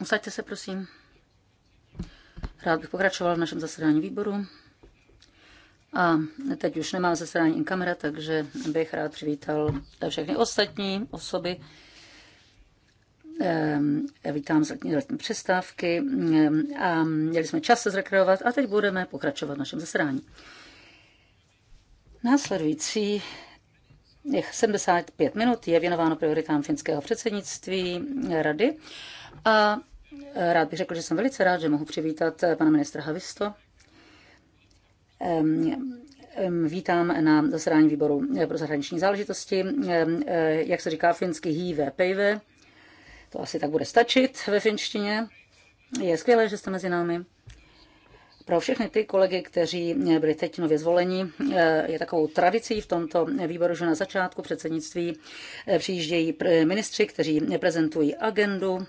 Usaďte se, prosím. Rád bych pokračoval v našem zasedání výboru. A teď už nemám zasedání in kamera, takže bych rád přivítal všechny ostatní osoby. Ehm, vítám letní přestávky ehm, a měli jsme čas se zrekreovat a teď budeme pokračovat v našem zasedání. Následující 75 minut je věnováno prioritám finského předsednictví rady a eh, rád bych řekl, že jsem velice rád, že mohu přivítat eh, pana ministra Havisto. Vítám na zasedání výboru eh, pro zahraniční záležitosti, jak se říká finsky hýve pejve. To asi tak bude stačit ve finštině. Je skvělé, že jste mezi námi. Pro všechny ty kolegy, kteří byli teď nově zvoleni, je takovou tradicí v tomto výboru, že na začátku předsednictví přijíždějí ministři, kteří prezentují agendu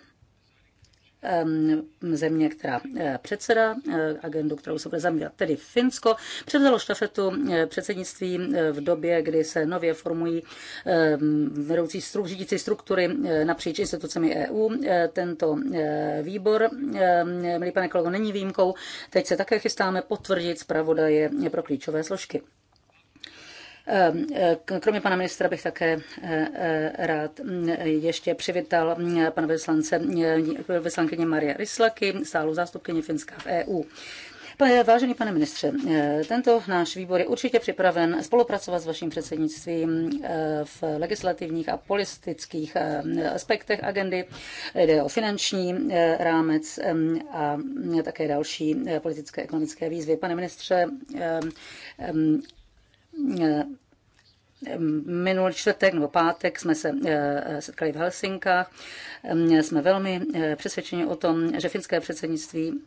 země, která e, předseda e, agendu, kterou se bude zaměřovat, tedy Finsko, předalo štafetu e, předsednictví v době, kdy se nově formují vedoucí stru, řídící struktury napříč institucemi EU. Tento výbor, milý pane kolego, není výjimkou. Teď se také chystáme potvrdit zpravodaje pro klíčové složky. Ehm, eh, kromě pana ministra bych také eh, eh, rád mm, ještě přivítal mm, pana vyslance, vyslankyně Maria Ryslaky, stálou zástupkyně Finska v EU. Vážený pane ministře, tento náš výbor je určitě připraven spolupracovat s vaším předsednictvím v legislativních a politických aspektech agendy. Jde o finanční rámec ehm, a mm, také další politické a ekonomické výzvy. Pane ministře, ehm, Minulý čtvrtek nebo pátek jsme se eh, setkali v Helsinkách. Eh, jsme velmi eh, přesvědčeni o tom, že finské předsednictví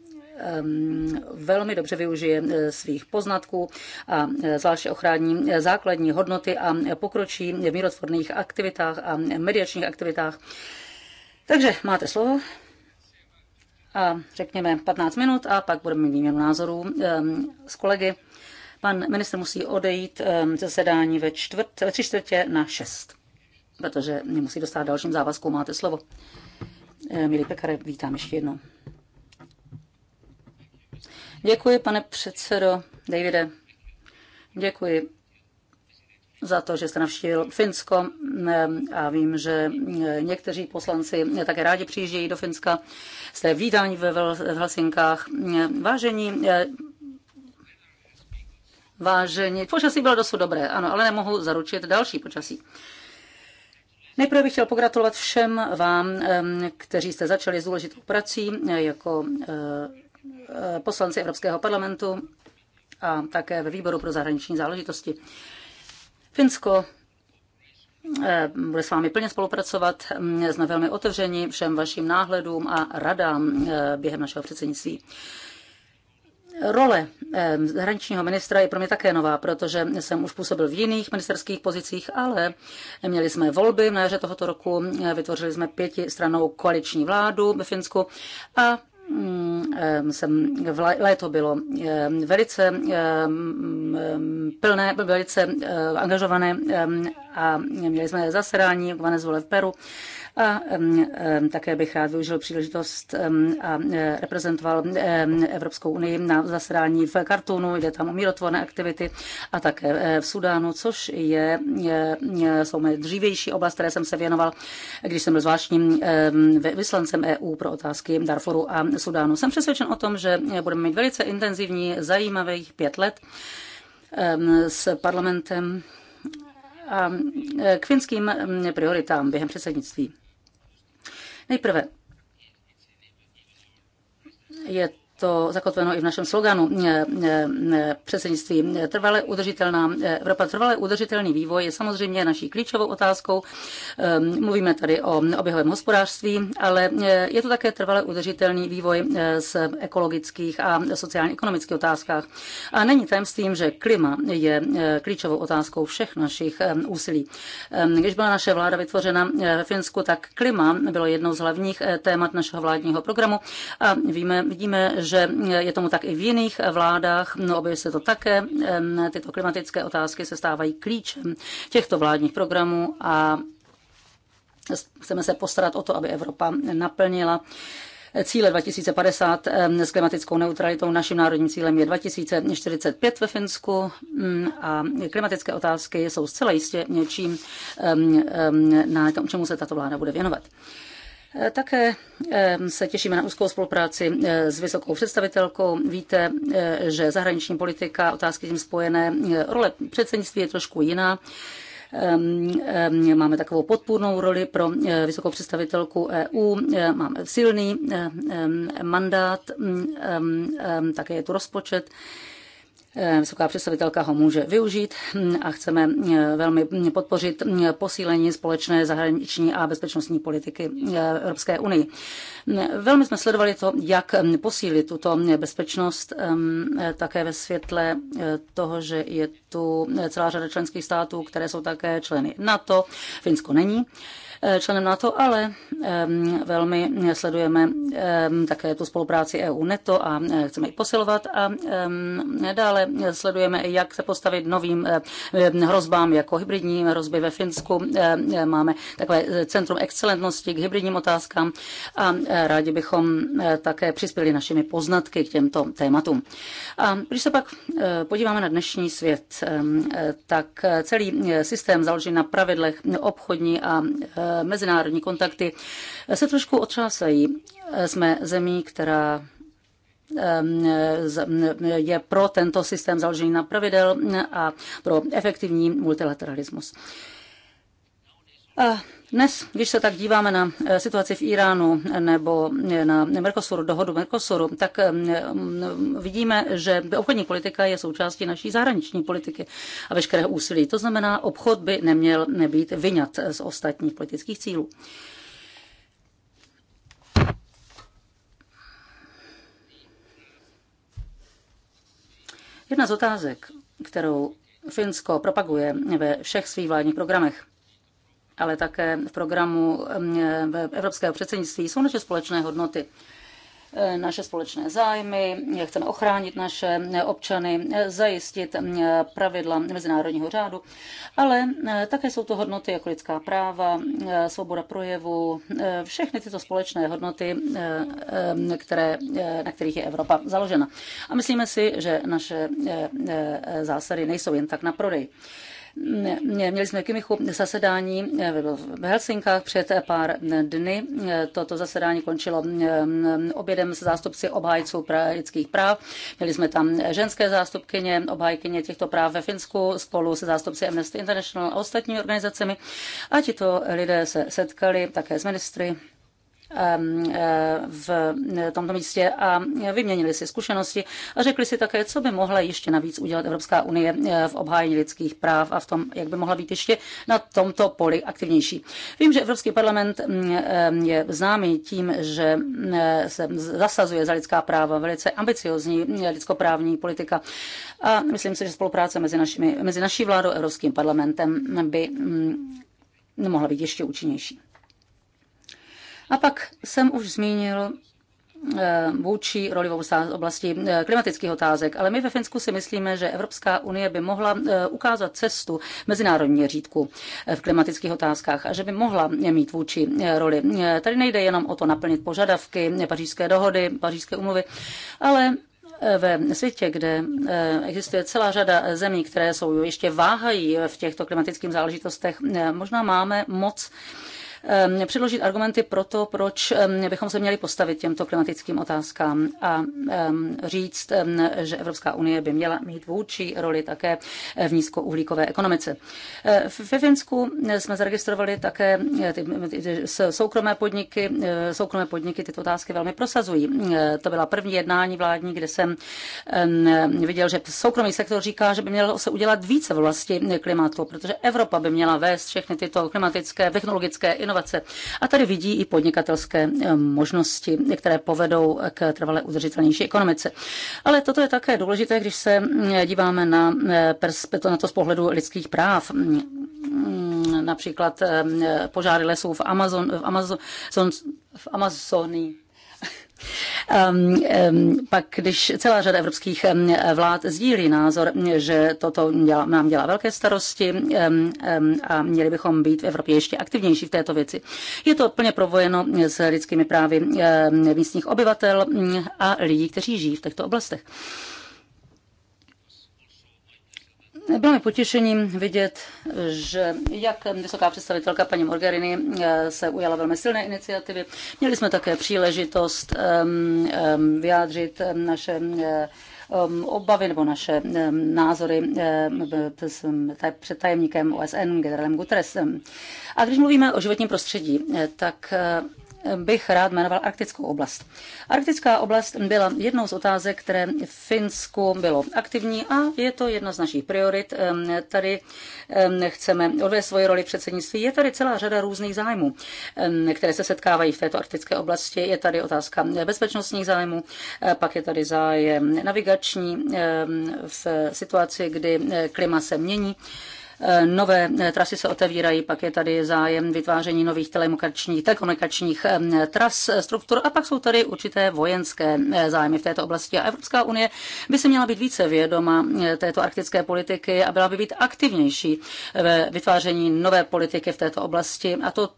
velmi dobře využije svých poznatků a zvláště ochrání základní hodnoty a pokročí v mírotvorných aktivitách a mediačních aktivitách. Takže máte slovo a řekněme 15 minut a pak budeme mít výměnu názorů s kolegy. Pan minister musí odejít ehm, zasedání ve, čtvrt, ve tři čtvrtě na šest, protože musí dostat dalším závazkům. Máte slovo. Ehm, Milí Pekare, vítám ještě jednou. Děkuji, pane předsedo Davide. Děkuji za to, že jste navštívil Finsko ehm, a vím, že někteří poslanci také rádi přijíždějí do Finska. Jste vítáni ve Helsinkách. Vážení Vážení, počasí bylo dosud dobré, ano, ale nemohu zaručit další počasí. Nejprve bych chtěl pogratulovat všem vám, kteří jste začali s důležitou prací jako eh, poslanci Evropského parlamentu a také ve výboru pro zahraniční záležitosti. Finsko eh, bude s vámi plně spolupracovat. Mm, jsme velmi otevřeni všem vašim náhledům a radám eh, během našeho předsednictví. Role zahraničního ministra je pro mě také nová, protože jsem už působil v jiných ministerských pozicích, ale měli jsme volby v jaře tohoto roku, vytvořili jsme pětistranou koaliční vládu ve Finsku a mm, jsem, v léto bylo velice plné, velice eh, angažované a měli jsme zasedání v Venezuele v Peru a také bych rád využil příležitost a e, reprezentoval Evropskou unii na zasedání v Kartunu, jde tam o mírotvorné aktivity a také e, v Sudánu, což je, jsou moje dřívější oblast, které jsem se věnoval, když jsem byl zvláštním vyslancem EU pro otázky Darfuru a Sudánu. Jsem přesvědčen o tom, že budeme mít velice intenzivní, zajímavých pět let s parlamentem a e, k finským prioritám během předsednictví. Nejprve je to zakotveno i v našem sloganu eh, eh, eh, předsednictví. Trvale udržitelná Evropa, trvale udržitelný vývoj je samozřejmě naší klíčovou otázkou. Ehm, mluvíme tady o oběhovém hospodářství, ale je to také trvale udržitelný vývoj z ekologických a sociálně-ekonomických otázkách. A není tajemstvím, že klima je klíčovou otázkou všech našich úsilí. Ehm, když byla naše vláda vytvořena ve Finsku, tak klima bylo jednou z hlavních témat našeho vládního programu a víme, vidíme, že protože je tomu tak i v jiných vládách, no, objeví se to také. Tyto klimatické otázky se stávají klíčem těchto vládních programů a chceme se postarat o to, aby Evropa naplnila cíle 2050 s klimatickou neutralitou. Naším národním cílem je 2045 ve Finsku mm, a klimatické otázky jsou zcela jistě něčím, na tom, čemu se tato vláda bude věnovat. Eh, také eh, se těšíme na úzkou spolupráci eh, s vysokou představitelkou. Víte, že zahraniční politika, otázky s tím spojené, role předsednictví je trošku jiná. Ehm, ehm, máme takovou podpůrnou roli pro vysokou představitelku EU, máme silný ehm, mandát, mm, také je tu rozpočet. Eh, vysoká představitelka ho může využít hm, a chceme eh, velmi podpořit hm, posílení společné zahraniční a bezpečnostní politiky eh, Evropské unii. Hm, velmi jsme sledovali to, jak posílit tuto bezpečnost také ve světle toho, že je tu celá řada členských států, které jsou také členy NATO. Finsko není. Eh, členem NATO, ale velmi sledujeme také tu spolupráci EU-NATO a eh, chceme ji posilovat a dále sledujeme, jak se postavit novým eh, hrozbám jako hybridní hrozby ve Finsku. Máme takové centrum excelentnosti k hybridním otázkám a rádi bychom také přispěli našimi poznatky k těmto tématům. A když se pak podíváme na dnešní svět, tak celý systém založí na pravidlech obchodní a mezinárodní kontakty se trošku otřásají. Jsme zemí, která je pro tento systém založený na pravidel a pro efektivní multilateralismus. Dnes, když se tak díváme na eh, situaci v Iránu nebo eh, na Mercosur, dohodu Mercosuru, tak eh, mm, vidíme, že obchodní politika je součástí naší zahraniční politiky a veškerého úsilí. To znamená, obchod by neměl nebýt vyňat z ostatních politických cílů. Jedna z otázek, kterou Finsko propaguje ve všech svých vládních programech, ale také v programu Evropského předsednictví jsou naše společné hodnoty e, naše společné zájmy, chceme ochránit naše e, občany, e, zajistit pravidla mezinárodního řádu, ale také jsou to hodnoty jako lidská práva, svoboda projevu, všechny tyto společné hodnoty, které, na kterých je Evropa založena. A myslíme si, že naše zásady nejsou jen tak na prodej. Měli jsme Kimichu zasedání eh, v Helsinkách před eh, pár eh, dny. Toto zasedání končilo mm, obědem se zástupci obhájců lidských práv. Měli jsme tam ženské zástupkyně, obhájkyně těchto práv ve Finsku spolu se zástupci Amnesty International a ostatními organizacemi. A tito lidé se setkali také s ministry Eh, v eh, tomto místě a vyměnili si zkušenosti a řekli si také, co by mohla ještě navíc udělat Evropská unie eh, v obhájení lidských práv a v tom, jak by mohla být ještě na tomto poli aktivnější. Vím, že Evropský parlament mm, je známý tím, že mm, se zasazuje za lidská práva velice ambiciozní mm, lidskoprávní politika a myslím si, že spolupráce mezi, našimi, mezi naší vládou a Evropským parlamentem by mohla být ještě účinnější. A pak jsem už zmínil eh, vůči roli v oblasti eh, klimatických otázek. Ale my ve Finsku si myslíme, že Evropská unie by mohla eh, ukázat cestu mezinárodní řídku v klimatických otázkách a že by mohla mít vůči roli. Tady nejde jenom o to naplnit požadavky pařížské dohody, pařížské umluvy, ale ve světě, kde existuje celá řada zemí, které jsou ještě váhají v těchto klimatických záležitostech, možná máme moc Ehm, předložit argumenty pro to, proč ehm, bychom se měli postavit těmto klimatickým otázkám a ehm, říct, že Evropská unie by měla mít vůči roli také v nízkouhlíkové ekonomice. Ve Finsku eh, jsme zaregistrovali také eh, ty soukromé podniky. Eh, soukromé podniky tyto otázky velmi prosazují. To byla první jednání vládní, kde jsem viděl, že soukromý sektor říká, že by mělo se udělat více v oblasti klimatu, protože Evropa by měla vést všechny tyto klimatické, technologické inovace inovace. A tady vidí i podnikatelské eh, možnosti, které povedou k trvalé udržitelnější ekonomice. Ale toto je také důležité, když se eh, díváme na, eh, na to z pohledu lidských práv mm, například požáry lesů v, Amazon, v, Amazon, v Amazonii Ehm, ehm, pak, když celá řada evropských ehm, vlád sdílí názor, že toto dělá, nám dělá velké starosti a měli bychom být v Evropě ještě aktivnější v této věci. Je to plně provojeno s lidskými právy místních obyvatel mm, a lidí, kteří žijí v těchto oblastech. Bylo mi potěšením vidět, že jak vysoká představitelka paní Morgerini eh, se ujala velmi silné iniciativy. Měli jsme také příležitost vyjádřit naše eh, obavy nebo naše názory eh, před tajemníkem OSN, generálem Guterresem. A když mluvíme o životním prostředí, tak bych rád jmenoval arktickou oblast. Arktická oblast byla jednou z otázek, které v Finsku bylo aktivní a je to jedna z našich priorit. Tady chceme odvést svoji roli předsednictví. Je tady celá řada různých zájmů, které se setkávají v této arktické oblasti. Je tady otázka bezpečnostních zájmů, e, pak je tady zájem navigační v situaci, kdy e, klima se mění. Eh, nové eh, trasy se otevírají, pak je tady zájem vytváření nových telekomunikačních, telekomunikačních eh, tras, struktur a pak jsou tady určité vojenské zájmy v této oblasti. A Evropská unie by se měla být více vědoma této arktické politiky a byla by být aktivnější ve vytváření nové politiky v této oblasti a to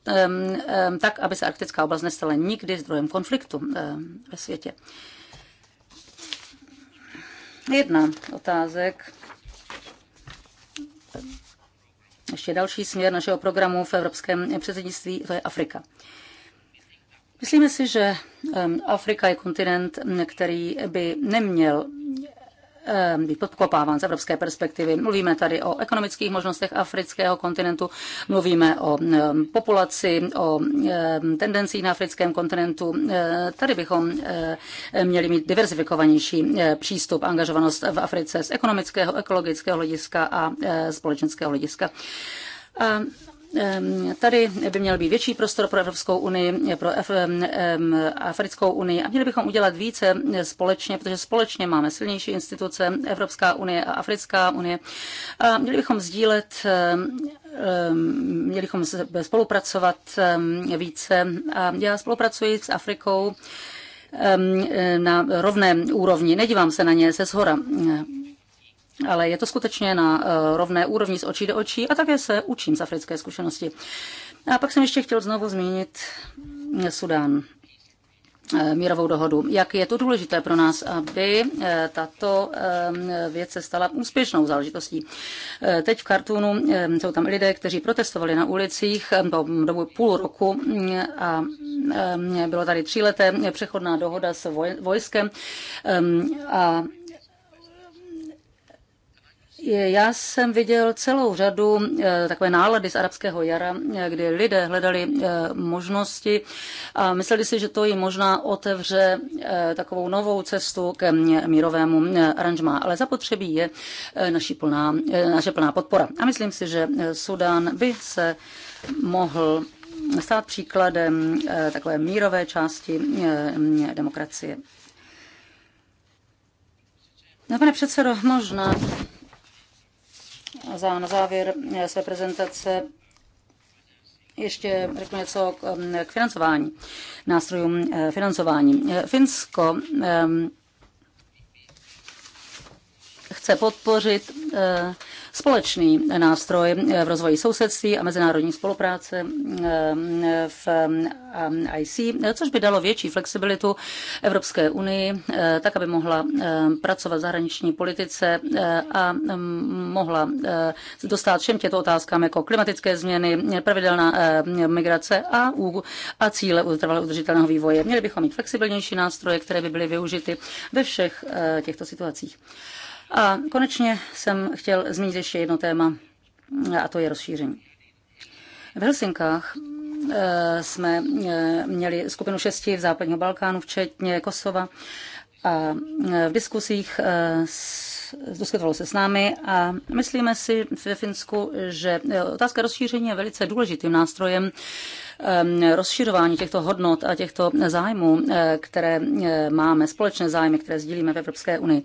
tak, aby se arktická oblast nestala nikdy zdrojem konfliktu ve světě. Jedna otázek ještě další směr našeho programu v evropském předsednictví, to je Afrika. Myslíme si, že Afrika je kontinent, který by neměl Eh, být podkopáván z evropské perspektivy. Mluvíme tady o ekonomických možnostech afrického kontinentu, mluvíme o eh, populaci, o eh, tendencích na africkém kontinentu. Tady bychom měli mít diversifikovanější přístup, angažovanost v Africe z ekonomického, ekologického hlediska a společenského hlediska. Ehm, tady by měl být větší prostor pro Evropskou unii, pro ehm, ehm, Africkou unii a měli bychom udělat více společně, protože společně máme silnější instituce Evropská unie a Africká unie. A měli bychom sdílet měli bychom spolupracovat více. A já spolupracuji s Afrikou na rovné úrovni. Nedívám se na ně se zhora ale je to skutečně na eh, rovné úrovni z očí do očí a také se učím z africké zkušenosti. A pak jsem ještě chtěl znovu zmínit eh, Sudán eh, mírovou dohodu. Jak je to důležité pro nás, aby tato věc se stala úspěšnou záležitostí. Teď v Kartunu jsou tam lidé, kteří protestovali na ulicích po dobu půl roku mm, a bylo tady tříleté přechodná dohoda s vojskem a já jsem viděl celou řadu eh, takové nálady z arabského jara, eh, kdy lidé hledali eh, možnosti a mysleli si, že to jim možná otevře takovou novou cestu k mírovému aranžmá. Ale zapotřebí je naší plná, naše plná podpora. A myslím si, že Sudán by se mohl stát příkladem takové mírové části demokracie. No, pane předsedo, možná za, na závěr eh, své prezentace ještě řeknu něco k, mm, financování, nástrojům eh, financování. Eh, Finsko ehm, chce podpořit společný nástroj v rozvoji sousedství a mezinárodní spolupráce eh, v eh, IC, což by dalo větší flexibilitu Evropské unii, eh, tak aby mohla pracovat v zahraniční politice a mm, mohla dostat všem těto otázkám jako klimatické změny, pravidelná migrace a, a cíle trvalého udržitelného vývoje. Měli bychom mít flexibilnější nástroje, které by byly využity ve všech těchto situacích. A konečně jsem chtěl zmínit ještě jedno téma, a to je rozšíření. V Helsinkách eh, jsme eh, měli skupinu šesti v západního Balkánu, včetně Kosova. A eh, v diskusích diskutovalo se s námi a myslíme si ve Finsku, že otázka rozšíření je velice důležitým nástrojem ehm, rozšiřování těchto hodnot a těchto zájmů, které máme, společné zájmy, které sdílíme v Evropské unii.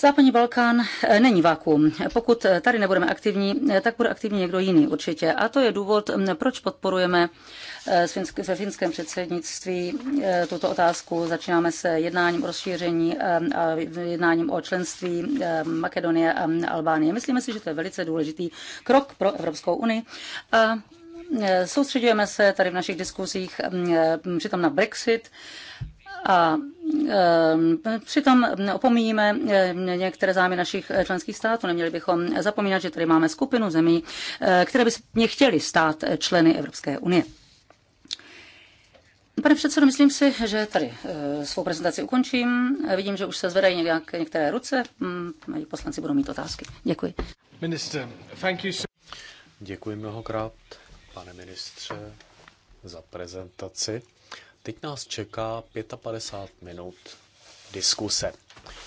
Západní Balkán eh, není vákuum. Pokud eh, tady nebudeme aktivní, eh, tak bude aktivní někdo jiný určitě. A to je důvod, mm, proč podporujeme ve finském předsednictví tuto otázku. Začínáme se jednáním o rozšíření a jednáním o členství Makedonie a Albánie. Myslíme si, že to je velice důležitý krok pro Evropskou unii. A soustředujeme se tady v našich diskuzích mm, přitom na Brexit a Ehm, přitom opomíjíme eh, některé zájmy našich eh, členských států. Neměli bychom zapomínat, že tady máme skupinu zemí, eh, které by mě chtěly stát členy Evropské unie. Pane předsedo, myslím si, že tady svou prezentaci ukončím. Vidím, že už se zvedají nějak některé ruce. Mají mm, poslanci budou mít otázky. Děkuji. Minister, thank you so... Děkuji mnohokrát, pane ministře, za prezentaci. Teď nás čeká 55 minut diskuse.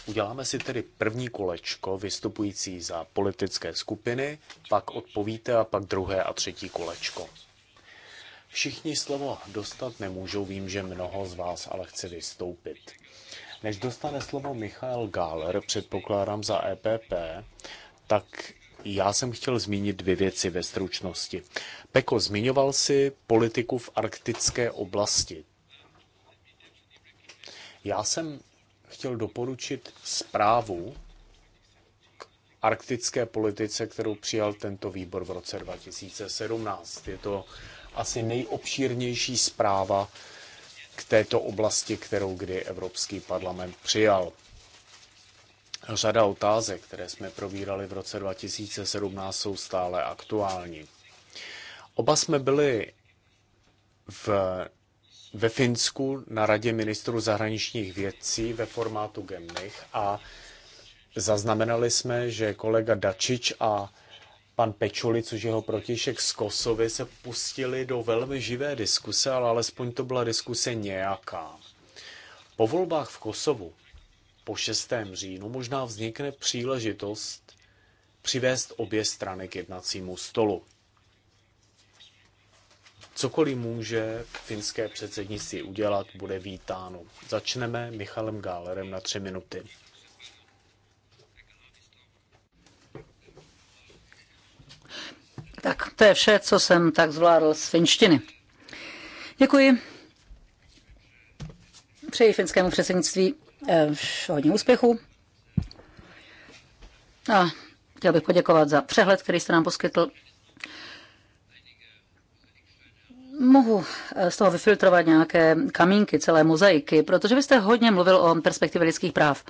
Uděláme si tedy první kolečko vystupující za politické skupiny, pak odpovíte a pak druhé a třetí kolečko. Všichni slovo dostat nemůžou, vím, že mnoho z vás ale chce vystoupit. Než dostane slovo Michal Gáler, předpokládám za EPP, tak já jsem chtěl zmínit dvě věci ve stručnosti. Peko, zmiňoval si politiku v arktické oblasti. Já jsem chtěl doporučit zprávu k arktické politice, kterou přijal tento výbor v roce 2017. Je to asi nejobšírnější zpráva k této oblasti, kterou kdy Evropský parlament přijal. Řada otázek, které jsme probírali v roce 2017, jsou stále aktuální. Oba jsme byli v ve Finsku na radě ministrů zahraničních věcí ve formátu Gemnich a zaznamenali jsme, že kolega Dačič a pan Pečuli, což jeho protišek z Kosovy, se pustili do velmi živé diskuse, ale alespoň to byla diskuse nějaká. Po volbách v Kosovu po 6. říjnu možná vznikne příležitost přivést obě strany k jednacímu stolu. Cokoliv může finské předsednictví udělat, bude vítáno. Začneme Michalem Gálerem na tři minuty. Tak to je vše, co jsem tak zvládl z finštiny. Děkuji. Přeji finskému předsednictví eh, hodně úspěchu. A chtěl bych poděkovat za přehled, který jste nám poskytl mohu eh, z toho vyfiltrovat nějaké kamínky, celé mozaiky, protože vy jste hodně mluvil o perspektivě lidských práv.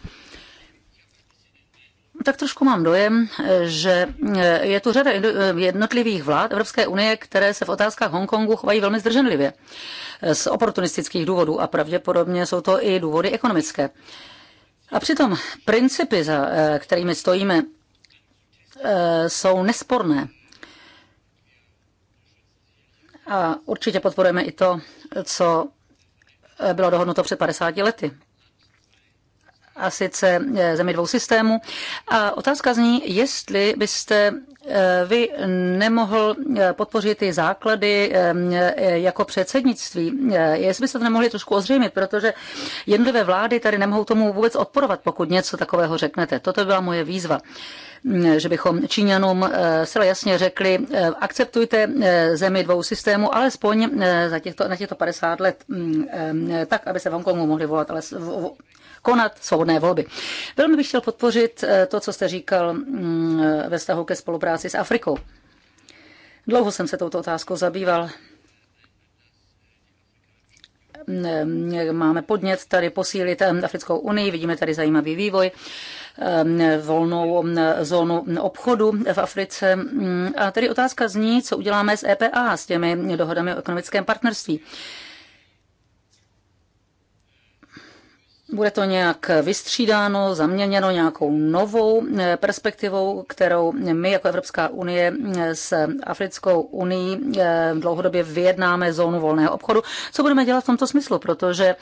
Tak trošku mám dojem, eh, že eh, je tu řada jednotlivých vlád Evropské unie, které se v otázkách Hongkongu chovají velmi zdrženlivě z oportunistických důvodů a pravděpodobně jsou to i důvody ekonomické. A přitom principy, za kterými stojíme, jsou nesporné. A určitě podporujeme i to, co bylo dohodnuto před 50 lety a sice e, zemi dvou systémů. A otázka zní, jestli byste e, vy nemohl e, podpořit ty základy jako předsednictví. Jestli byste to nemohli trošku ozřejmit, protože jednotlivé vlády tady nemohou tomu vůbec odporovat, pokud něco takového řeknete. Toto byla moje výzva že bychom Číňanům zcela jasně řekli, akceptujte zemi dvou systémů, alespoň za těchto, na těchto 50 let, tak, aby se v Hongkongu mohli volat, ale konat svobodné volby. Velmi bych chtěl podpořit eh, to, co jste říkal mm, eh, ve vztahu ke spolupráci s Afrikou. Dlouho jsem se touto otázkou zabýval mm, eh, máme podnět tady posílit Africkou unii, vidíme tady zajímavý vývoj, volnou mm, zónu obchodu v Africe. A tady otázka zní, co uděláme s EPA, s těmi dohodami o ekonomickém partnerství. Bude to nějak vystřídáno, zaměněno nějakou novou eh, perspektivou, kterou my jako Evropská unie eh, s Africkou unii eh, dlouhodobě vyjednáme zónu volného obchodu. Co budeme dělat v tomto smyslu? Protože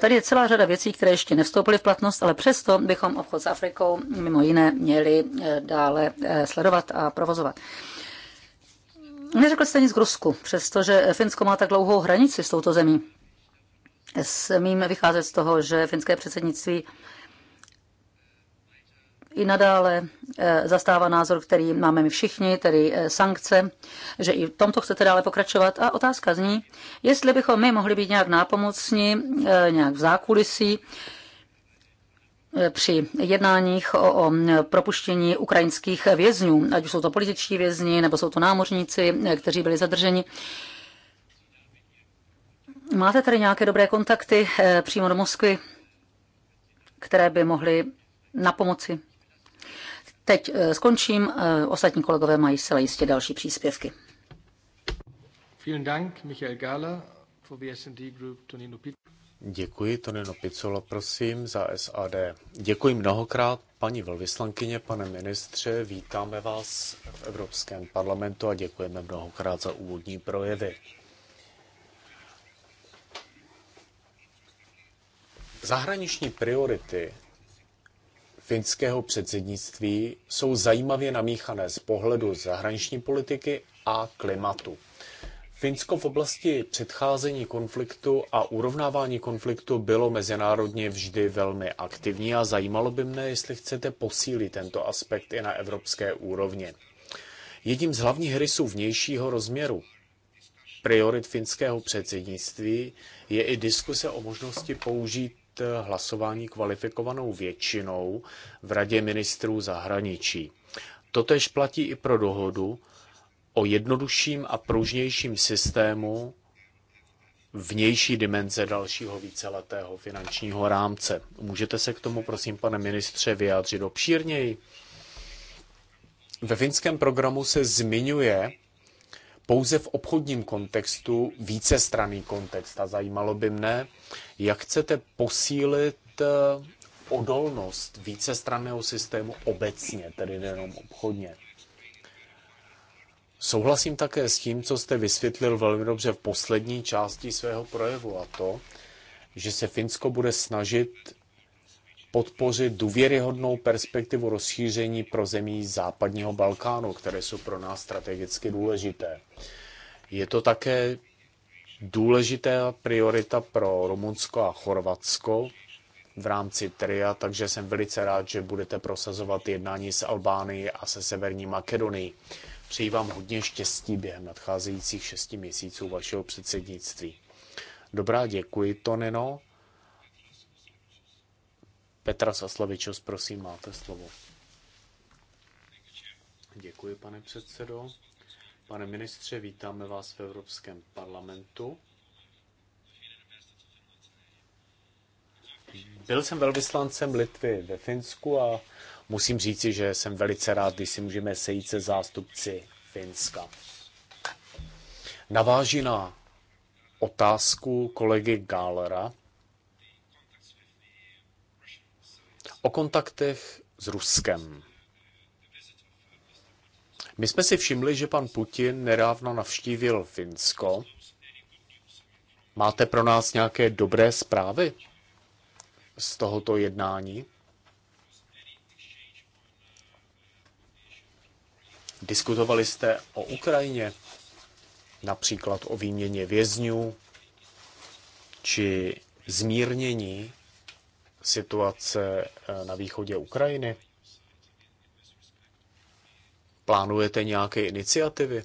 tady je celá řada věcí, které ještě nevstoupily v platnost, ale přesto bychom obchod s Afrikou mimo jiné měli dále sledovat a provozovat. Neřekl jste nic k Rusku, přestože Finsko má tak dlouhou hranici s touto zemí. Smíme vycházet z toho, že finské předsednictví i nadále eh, zastává názor, který máme my všichni, tedy eh, sankce, že i v tomto chcete dále pokračovat. A otázka zní, jestli bychom my mohli být nějak nápomocní, eh, nějak v zákulisí, při jednáních o, o propuštění ukrajinských vězňů, ať už jsou to političtí vězni nebo jsou to námořníci, kteří byli zadrženi. Máte tady nějaké dobré kontakty eh, přímo do Moskvy, které by mohly na pomoci? Teď eh, skončím. Eh, ostatní kolegové mají zcela jistě další příspěvky. Děkuji, Tonino Picolo, prosím, za SAD. Děkuji mnohokrát, paní velvyslankyně, pane ministře, vítáme vás v Evropském parlamentu a děkujeme mnohokrát za úvodní projevy. Zahraniční priority finského předsednictví jsou zajímavě namíchané z pohledu zahraniční politiky a klimatu. Finsko v oblasti předcházení konfliktu a urovnávání konfliktu bylo mezinárodně vždy velmi aktivní a zajímalo by mne, jestli chcete posílit tento aspekt i na evropské úrovni. Jedním z hlavních rysů vnějšího rozměru priorit finského předsednictví je i diskuse o možnosti použít Eh, hlasování kvalifikovanou většinou v Radě ministrů zahraničí. Totež platí i pro dohodu o jednodušším a pružnějším systému vnější dimenze dalšího víceletého finančního rámce. Můžete se k tomu, prosím, pane ministře, vyjádřit obšírněji? Ve finském programu se zmiňuje pouze v obchodním kontextu vícestranný kontext a zajímalo by mne, jak chcete posílit eh, odolnost vícestranného systému obecně, tedy nejenom obchodně? Souhlasím také s tím, co jste vysvětlil velmi dobře v poslední části svého projevu, a to, že se Finsko bude snažit podpořit důvěryhodnou perspektivu rozšíření pro zemí západního Balkánu, které jsou pro nás strategicky důležité. Je to také důležitá priorita pro Rumunsko a Chorvatsko v rámci TRIA, takže jsem velice rád, že budete prosazovat jednání s Albánií a se Severní Makedonií. Přeji vám hodně štěstí během nadcházejících šesti měsíců vašeho předsednictví. Dobrá, děkuji, Tonino. Petra Saslavičos, prosím, máte slovo. Děkuji, pane předsedo. Pane ministře, vítáme vás v Evropském parlamentu. Byl jsem velvyslancem Litvy ve Finsku a musím říci, že jsem velice rád, když si můžeme sejít se zástupci Finska. Naváží na otázku kolegy Gálera o kontaktech s Ruskem. My jsme si všimli, že pan Putin nedávno navštívil Finsko. Máte pro nás nějaké dobré zprávy z tohoto jednání? Diskutovali jste o Ukrajině, například o výměně vězňů či zmírnění situace eh, na východě Ukrajiny? Plánujete nějaké iniciativy?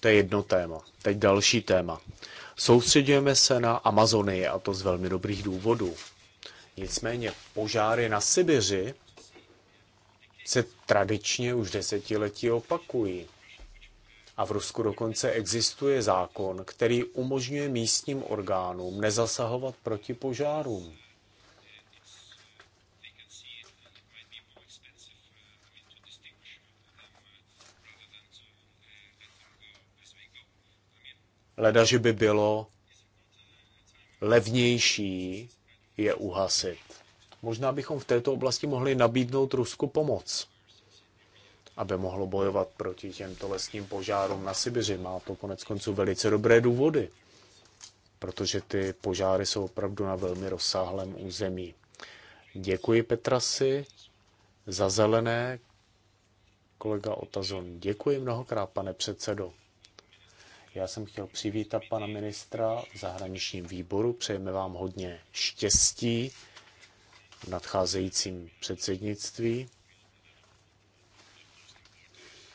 To je jedno téma. Teď další téma. Soustředujeme se na Amazonii a to z velmi dobrých důvodů. Nicméně požáry na Sibiři se tradičně už desetiletí opakují. A v Rusku dokonce existuje zákon, který umožňuje místním orgánům nezasahovat proti požárům. Leda, že by bylo levnější je uhasit. Možná bychom v této oblasti mohli nabídnout Rusku pomoc, aby mohlo bojovat proti těmto lesním požárům na Sibiři. Má to konec konců velice dobré důvody, protože ty požáry jsou opravdu na velmi rozsáhlém území. Děkuji Petrasi za zelené. Kolega Otazon, děkuji mnohokrát, pane předsedo. Já jsem chtěl přivítat pana ministra v zahraničním výboru. Přejeme vám hodně štěstí v nadcházejícím předsednictví.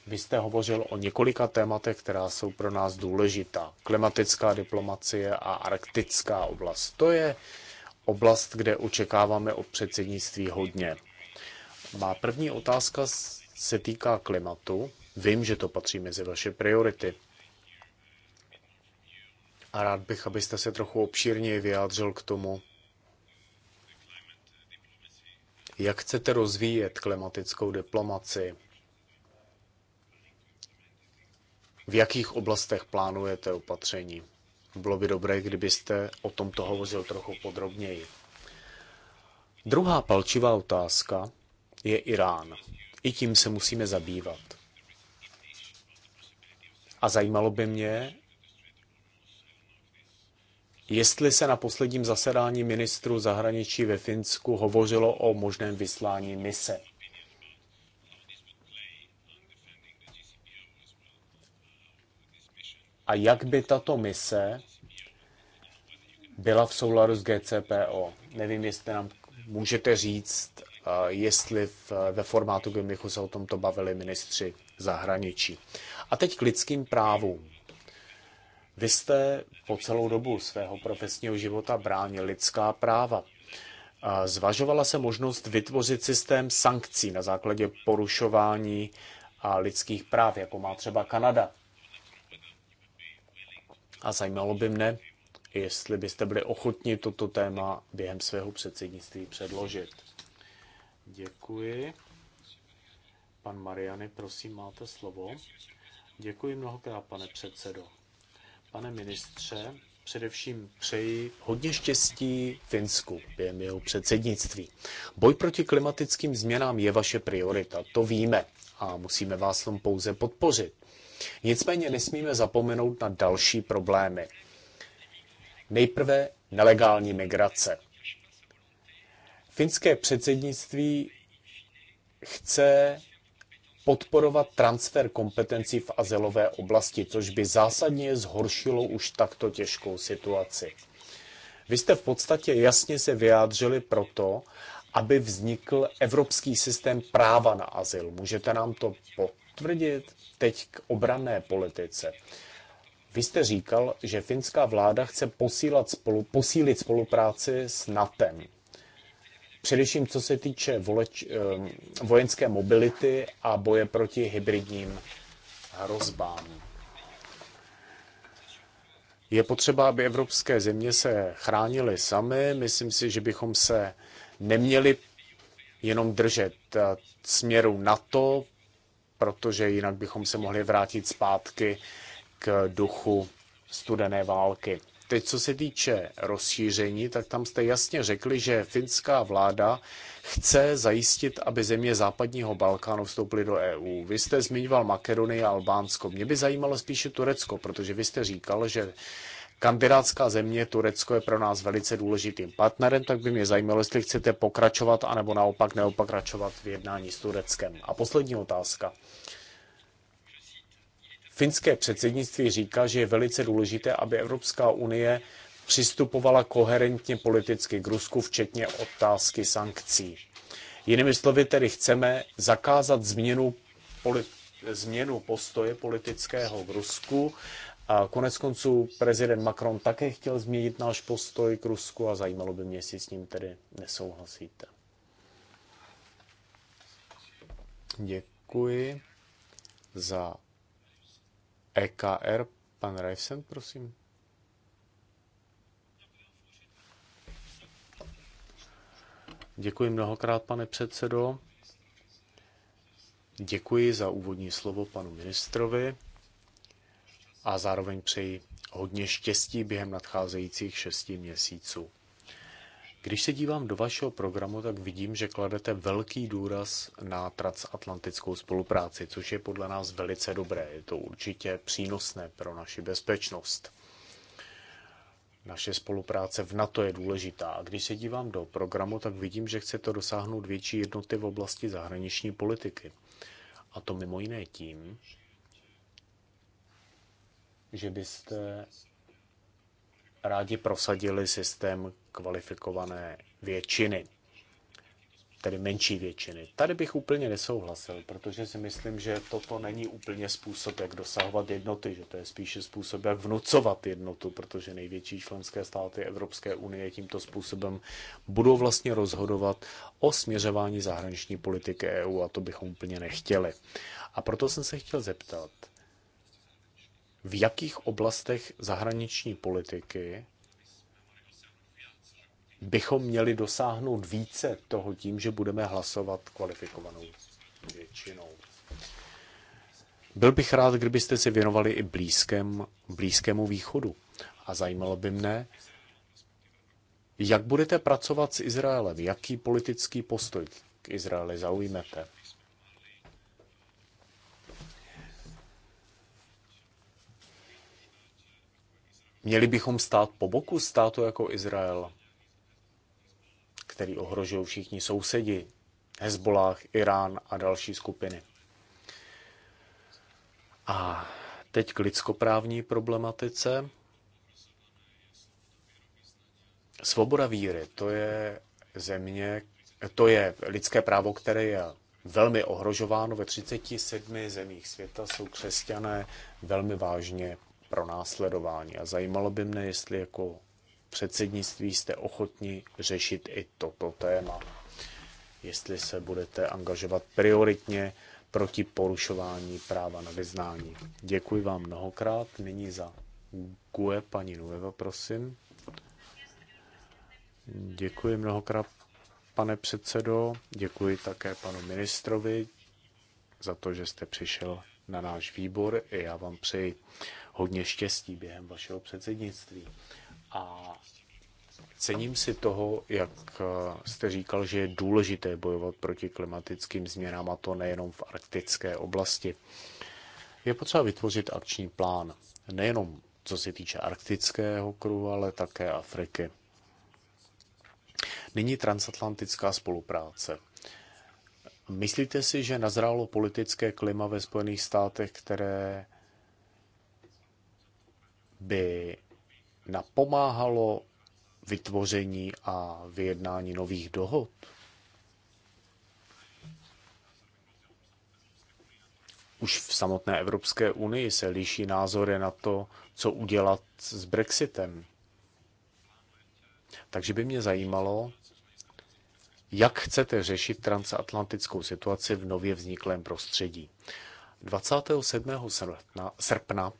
Vy jste hovořil o několika tématech, která jsou pro nás důležitá. Klimatická diplomacie a arktická oblast. To je oblast, kde očekáváme od předsednictví hodně. Má první otázka se týká klimatu. Vím, že to patří mezi vaše priority a rád bych, abyste se trochu obšírněji vyjádřil k tomu, jak chcete rozvíjet klimatickou diplomaci, v jakých oblastech plánujete opatření. Bylo by dobré, kdybyste o tomto hovořil trochu podrobněji. Druhá palčivá otázka je Irán. I tím se musíme zabývat. A zajímalo by mě, jestli se na posledním zasedání ministru zahraničí ve Finsku hovořilo o možném vyslání mise. A jak by tato mise byla v souladu s GCPO? Nevím, jestli nám můžete říct, eh, jestli eh, ve formátu Gimlichu se o tomto bavili ministři zahraničí. A teď k lidským právům. Vy jste po celou dobu svého profesního života bránil lidská práva. Zvažovala se možnost vytvořit systém sankcí na základě porušování a lidských práv, jako má třeba Kanada. A zajímalo by mne, jestli byste byli ochotni toto téma během svého předsednictví předložit. Děkuji. Pan Mariany, prosím, máte slovo. Děkuji mnohokrát, pane předsedo. Pane ministře, především přeji hodně štěstí Finsku během jeho předsednictví. Boj proti klimatickým změnám je vaše priorita, to víme a musíme vás tom pouze podpořit. Nicméně nesmíme zapomenout na další problémy. Nejprve nelegální migrace. Finské předsednictví chce podporovat transfer kompetencí v azylové oblasti, což by zásadně zhoršilo už takto těžkou situaci. Vy jste v podstatě jasně se vyjádřili proto, aby vznikl evropský systém práva na azyl. Můžete nám to potvrdit teď k obrané politice? Vy jste říkal, že finská vláda chce posílat spolu, posílit spolupráci s NATO. Především co se týče voleč, eh, vojenské mobility a boje proti hybridním hrozbám. Je potřeba, aby evropské země se chránily samy. Myslím si, že bychom se neměli jenom držet eh, směru NATO, protože jinak bychom se mohli vrátit zpátky k duchu studené války. Teď, co se týče rozšíření, tak tam jste jasně řekli, že finská vláda chce zajistit, aby země západního Balkánu vstoupily do EU. Vy jste zmiňoval Makedonii a Albánsko. Mě by zajímalo spíše Turecko, protože vy jste říkal, že kandidátská země Turecko je pro nás velice důležitým partnerem, tak by mě zajímalo, jestli chcete pokračovat, anebo naopak neopakračovat v jednání s Tureckem. A poslední otázka. Finské předsednictví říká, že je velice důležité, aby Evropská unie přistupovala koherentně politicky k Rusku, včetně otázky sankcí. Jinými slovy tedy chceme zakázat změnu, poli, změnu postoje politického v Rusku. A konec konců prezident Macron také chtěl změnit náš postoj k Rusku a zajímalo by mě, jestli s ním tedy nesouhlasíte. Děkuji za EKR, pan Reisen, prosím. Děkuji mnohokrát, pane předsedo. Děkuji za úvodní slovo panu ministrovi a zároveň přeji hodně štěstí během nadcházejících šesti měsíců. Když se dívám do vašeho programu, tak vidím, že kladete velký důraz na transatlantickou spolupráci, což je podle nás velice dobré. Je to určitě přínosné pro naši bezpečnost. Naše spolupráce v NATO je důležitá. A když se dívám do programu, tak vidím, že chcete dosáhnout větší jednoty v oblasti zahraniční politiky. A to mimo jiné tím, že byste rádi prosadili systém kvalifikované většiny, tedy menší většiny. Tady bych úplně nesouhlasil, protože si myslím, že toto není úplně způsob, jak dosahovat jednoty, že to je spíše způsob, jak vnucovat jednotu, protože největší členské státy Evropské unie tímto způsobem budou vlastně rozhodovat o směřování zahraniční politiky EU a to bychom úplně nechtěli. A proto jsem se chtěl zeptat, v jakých oblastech zahraniční politiky bychom měli dosáhnout více toho tím, že budeme hlasovat kvalifikovanou většinou. Byl bych rád, kdybyste se věnovali i blízkém, blízkému východu. A zajímalo by mne, jak budete pracovat s Izraelem, jaký politický postoj k Izraeli zaujmete. Měli bychom stát po boku státu jako Izrael, který ohrožují všichni sousedi, Hezbolách, Irán a další skupiny. A teď k lidskoprávní problematice. Svoboda víry, to je země, to je lidské právo, které je velmi ohrožováno. Ve 37 zemích světa jsou křesťané velmi vážně pro následování. A zajímalo by mne, jestli jako předsednictví jste ochotni řešit i toto téma. Jestli se budete angažovat prioritně proti porušování práva na vyznání. Děkuji vám mnohokrát. Nyní za GUE paní Nueva, prosím. Děkuji mnohokrát, pane předsedo. Děkuji také panu ministrovi za to, že jste přišel na náš výbor. I já vám přeji hodně štěstí během vašeho předsednictví. A cením si toho, jak eh, jste říkal, že je důležité bojovat proti klimatickým změnám, a to nejenom v arktické oblasti. Je potřeba vytvořit akční plán, nejenom co se týče arktického kruhu, ale také Afriky. Nyní transatlantická spolupráce. Myslíte si, že nazrálo politické klima ve Spojených státech, které by napomáhalo vytvoření a vyjednání nových dohod? Už v samotné Evropské unii se liší názory na to, co udělat s Brexitem. Takže by mě zajímalo, jak chcete řešit transatlantickou situaci v nově vzniklém prostředí. 27. srpna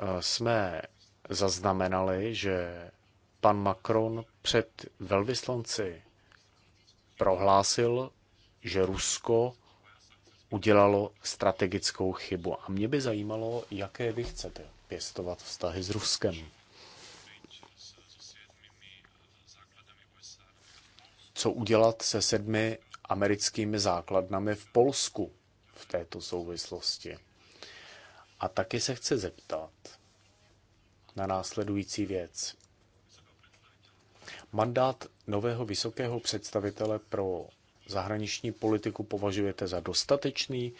Eh, jsme zaznamenali, že pan Macron před velvyslanci prohlásil, že Rusko udělalo strategickou chybu. A mě by zajímalo, jaké vy chcete pěstovat vztahy s Ruskem. Co udělat se sedmi americkými základnami v Polsku v této souvislosti? A taky se chci zeptat na následující věc. Mandát nového vysokého představitele pro zahraniční politiku považujete za dostatečný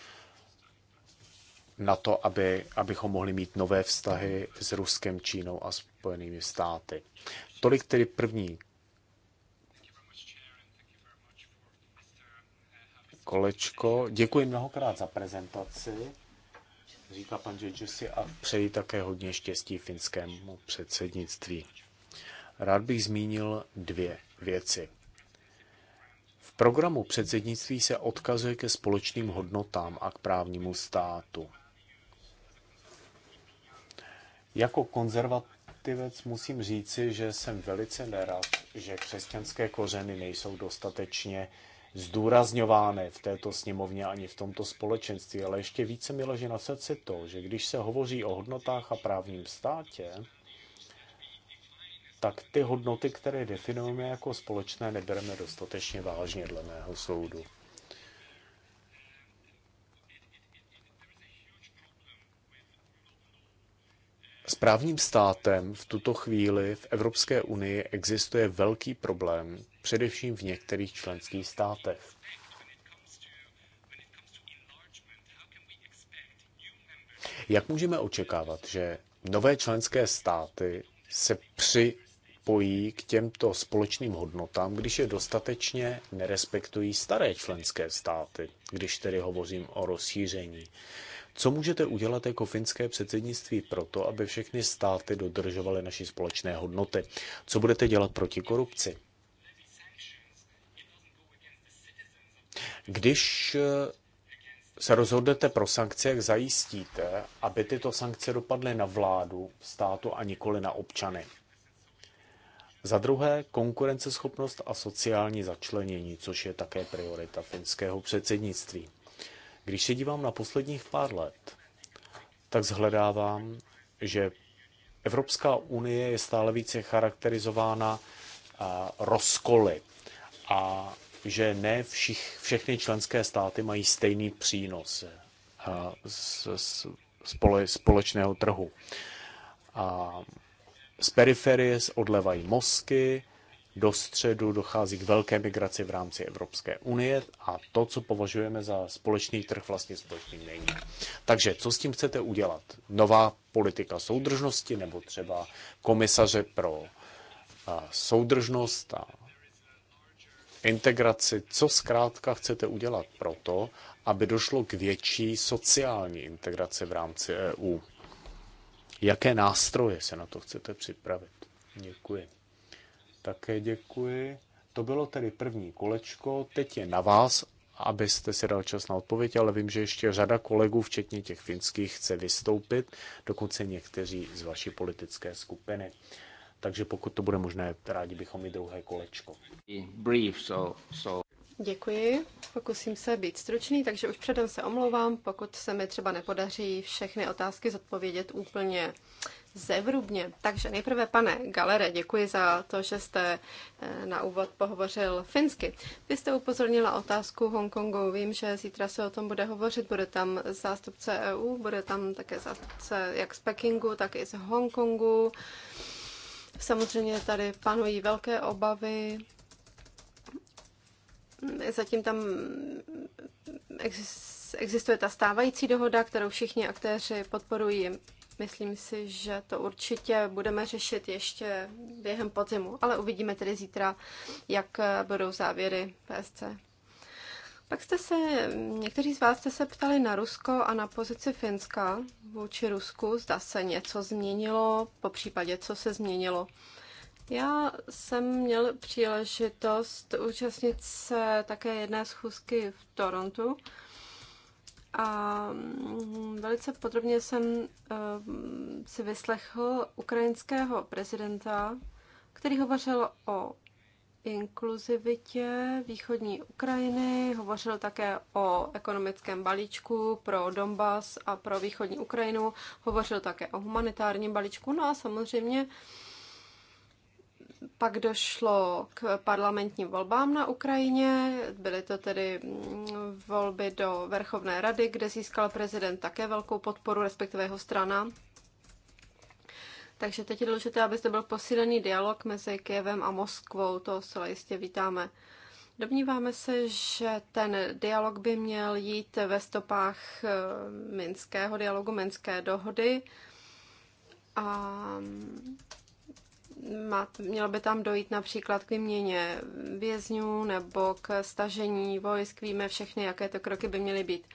na to, aby, abychom mohli mít nové vztahy s Ruskem, Čínou a Spojenými státy. Tolik tedy první kolečko. Děkuji mnohokrát za prezentaci říká pan Džedžusi, a přeji také hodně štěstí finskému předsednictví. Rád bych zmínil dvě věci. V programu předsednictví se odkazuje ke společným hodnotám a k právnímu státu. Jako konzervativec musím říci, že jsem velice nerad, že křesťanské kořeny nejsou dostatečně zdůrazňovány v této sněmovně ani v tomto společenství, ale ještě více mi leží na srdci to, že když se hovoří o hodnotách a právním státě, tak ty hodnoty, které definujeme jako společné, nebereme dostatečně vážně dle mého soudu. S právním státem v tuto chvíli v Evropské unii existuje velký problém, především v některých členských státech. Jak můžeme očekávat, že nové členské státy se připojí k těmto společným hodnotám, když je dostatečně nerespektují staré členské státy, když tedy hovořím o rozšíření? Co můžete udělat jako finské předsednictví to, aby všechny státy dodržovaly naše společné hodnoty? Co budete dělat proti korupci? Když eh, se rozhodnete pro sankce, jak zajistíte, aby tyto sankce dopadly na vládu státu a nikoli na občany? Za druhé, konkurenceschopnost a sociální začlenění, což je také priorita finského předsednictví. Když se dívám na posledních pár let, tak zhledávám, že Evropská unie je stále více charakterizována rozkoly a že ne všich, všechny členské státy mají stejný přínos z, z spole, společného trhu. A z periferie odlevají mozky, do středu dochází k velké migraci v rámci Evropské unie a to, co považujeme za společný trh, vlastně společný není. Takže co s tím chcete udělat? Nová politika soudržnosti nebo třeba komisaře pro soudržnost a integraci? Co zkrátka chcete udělat pro to, aby došlo k větší sociální integraci v rámci EU? Jaké nástroje se na to chcete připravit? Děkuji. Také děkuji. To bylo tedy první kolečko. Teď je na vás, abyste si dal čas na odpověď, ale vím, že ještě řada kolegů, včetně těch finských, chce vystoupit, dokonce někteří z vaší politické skupiny. Takže pokud to bude možné, rádi bychom i druhé kolečko. Děkuji, pokusím se být stručný, takže už předem se omlouvám, pokud se mi třeba nepodaří všechny otázky zodpovědět úplně zevrubně. Takže nejprve, pane Galere, děkuji za to, že jste eh, na úvod pohovořil finsky. Vy jste upozornila otázku Hongkongu. Vím, že zítra se o tom bude hovořit. Bude tam zástupce EU, bude tam také zástupce jak z Pekingu, tak i z Hongkongu. Samozřejmě tady panují velké obavy. Zatím tam existuje existuje ta stávající dohoda, kterou všichni aktéři podporují. Myslím si, že to určitě budeme řešit ještě během podzimu, ale uvidíme tedy zítra, jak budou závěry PSC. Pak jste se, někteří z vás jste se ptali na Rusko a na pozici Finska vůči Rusku. Zda se něco změnilo, po případě, co se změnilo. Já jsem měl příležitost účastnit se také jedné schůzky v Torontu a mm, velice podrobně jsem eh, si vyslechl ukrajinského prezidenta, který hovořil o inkluzivitě východní Ukrajiny, hovořil také o ekonomickém balíčku pro Donbas a pro východní Ukrajinu, hovořil také o humanitárním balíčku, no a samozřejmě uh, pak došlo k parlamentním volbám na Ukrajině, byly to tedy mm, volby do Verchovné rady, kde získal prezident také velkou podporu, respektive jeho strana. Takže teď je důležité, aby zde byl posílený dialog mezi Kyjevem a Moskvou, to zcela jistě vítáme. Domníváme se, že ten dialog by měl jít ve stopách eh, minského dialogu, minské dohody. A mm, mělo by tam dojít například k výměně vězňů nebo k stažení vojsk, víme všechny, jaké to kroky by měly být.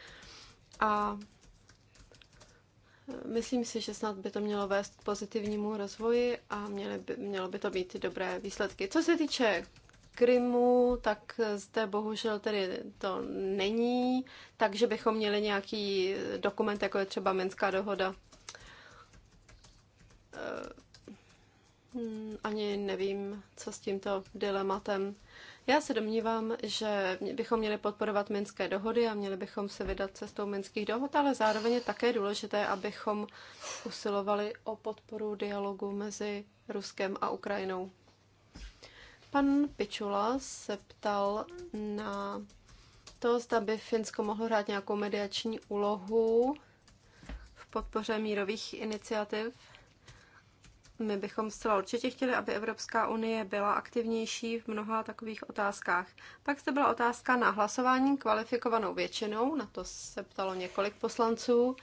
A myslím si, že snad by to mělo vést k pozitivnímu rozvoji a měly by, mělo by to být dobré výsledky. Co se týče Krymu, tak zde bohužel tedy to není, takže bychom měli nějaký dokument, jako je třeba Minská dohoda Hmm, ani nevím, co s tímto dilematem. Já se domnívám, že bychom měli podporovat minské dohody a měli bychom se vydat cestou minských dohod, ale zároveň je také důležité, abychom usilovali o podporu dialogu mezi Ruskem a Ukrajinou. Pan Pičula se ptal na to, zda by Finsko mohlo hrát nějakou mediační úlohu v podpoře mírových iniciativ my bychom zcela určitě chtěli, aby Evropská unie byla aktivnější v mnoha takových otázkách. Pak zde byla otázka na hlasování kvalifikovanou většinou, na to se ptalo několik poslanců.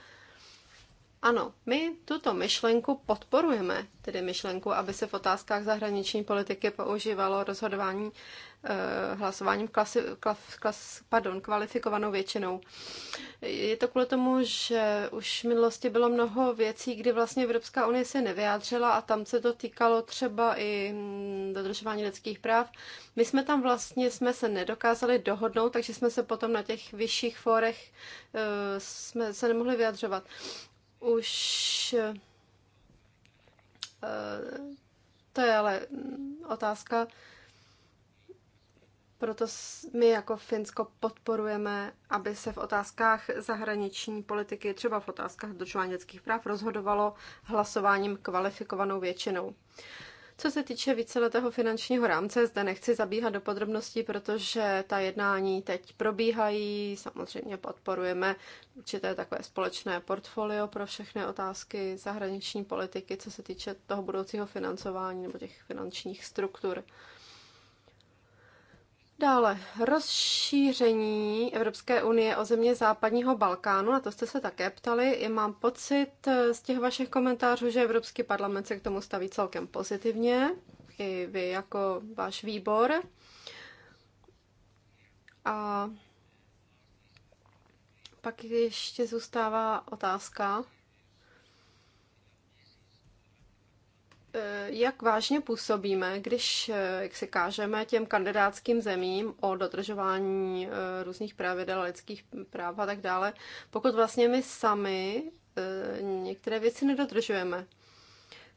Ano, my tuto myšlenku podporujeme, tedy myšlenku, aby se v otázkách zahraniční politiky používalo rozhodování eh, hlasováním klasi, klas, klas, pardon, kvalifikovanou většinou. Je to kvůli tomu, že už v minulosti bylo mnoho věcí, kdy vlastně Evropská unie se nevyjádřila a tam se to týkalo třeba i mm, dodržování lidských práv. My jsme tam vlastně jsme se nedokázali dohodnout, takže jsme se potom na těch vyšších fórech eh, jsme se nemohli vyjadřovat už eh, to je ale otázka, proto my jako Finsko podporujeme, aby se v otázkách zahraniční politiky, třeba v otázkách dočování lidských práv, rozhodovalo hlasováním kvalifikovanou většinou. Co se týče víceletého finančního rámce, zde nechci zabíhat do podrobností, protože ta jednání teď probíhají. Samozřejmě podporujeme určité takové společné portfolio pro všechny otázky zahraniční politiky, co se týče toho budoucího financování nebo těch finančních struktur. Dále rozšíření Evropské unie o země západního Balkánu, na to jste se také ptali. I mám pocit z těch vašich komentářů, že Evropský parlament se k tomu staví celkem pozitivně, i vy jako váš výbor. A pak ještě zůstává otázka, jak vážně působíme, když eh, jak si kážeme těm kandidátským zemím o dodržování eh, různých pravidel, lidských práv a tak dále, pokud vlastně my sami eh, některé věci nedodržujeme.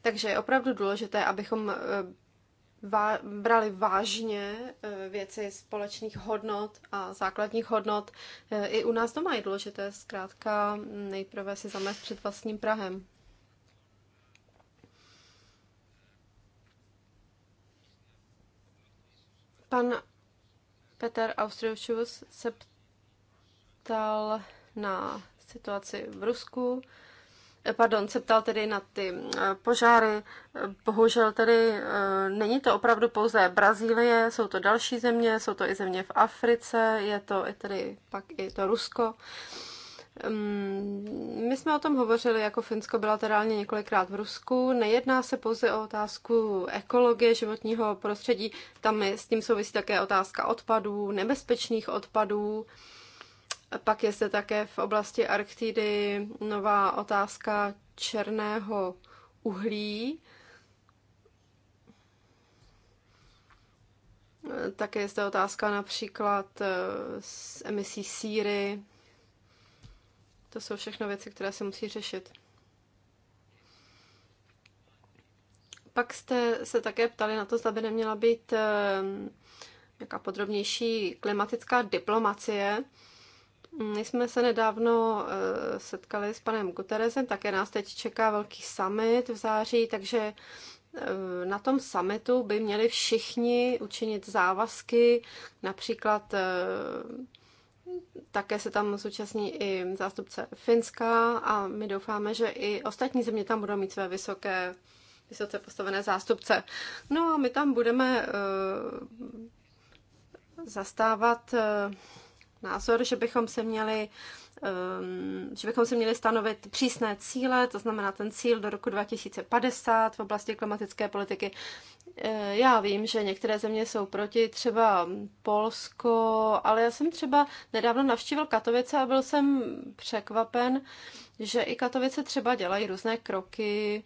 Takže je opravdu důležité, abychom brali vážně věci společných hodnot a základních hodnot. I u nás to je důležité zkrátka mm, nejprve si zamést před vlastním Prahem. Pan Peter Austriušus se ptal na situaci v Rusku, eh, pardon, se ptal tedy na ty eh, požáry. Eh, Bohužel tedy není to opravdu pouze Brazílie, jsou to další země, jsou to i země v Africe, je to i tedy pak i to Rusko. Ehm, my jsme o tom hovořili jako Finsko bilaterálně několikrát v Rusku. Nejedná se pouze o otázku ekologie, životního prostředí. Tam je, s tím souvisí také otázka odpadů, nebezpečných odpadů. Pak je zde také v oblasti Arktidy nová otázka černého uhlí. Také je zde otázka například eh, s emisí síry, to jsou všechno věci, které se musí řešit. Pak jste se také ptali na to, zda by neměla být nějaká eh, podrobnější klimatická diplomacie. Mm, my jsme se nedávno eh, setkali s panem Guterrezem, také nás teď čeká velký summit v září, takže eh, na tom summitu by měli všichni učinit závazky, například také se tam zúčastní i zástupce Finska a my doufáme, že i ostatní země tam budou mít své vysoké, vysoce postavené zástupce. No a my tam budeme eh, zastávat eh, názor, že bychom se měli Ehm, že bychom si měli stanovit přísné cíle, to znamená ten cíl do roku 2050 v oblasti klimatické politiky. Eh, já vím, že některé země jsou proti, třeba Polsko, ale já jsem třeba nedávno navštívil Katovice a byl jsem překvapen, že i Katovice třeba dělají různé kroky,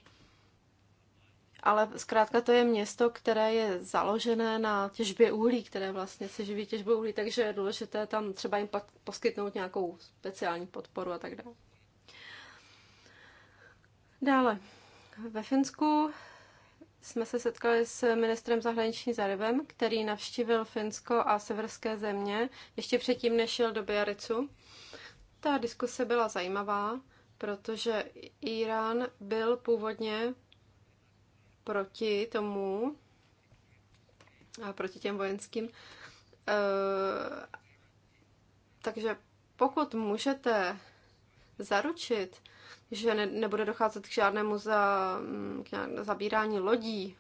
ale zkrátka to je město, které je založené na těžbě uhlí, které vlastně se živí těžbou uhlí, takže je důležité tam třeba jim poskytnout nějakou speciální podporu a tak dále. Dále, ve Finsku jsme se setkali s ministrem zahraniční Zarevem, který navštívil Finsko a severské země ještě předtím, než šel do Biaricu. Ta diskuse byla zajímavá, protože Irán byl původně proti tomu, a proti těm vojenským. Eh, takže pokud můžete zaručit, že ne, nebude docházet k žádnému za, mm, k nějak, zabírání lodí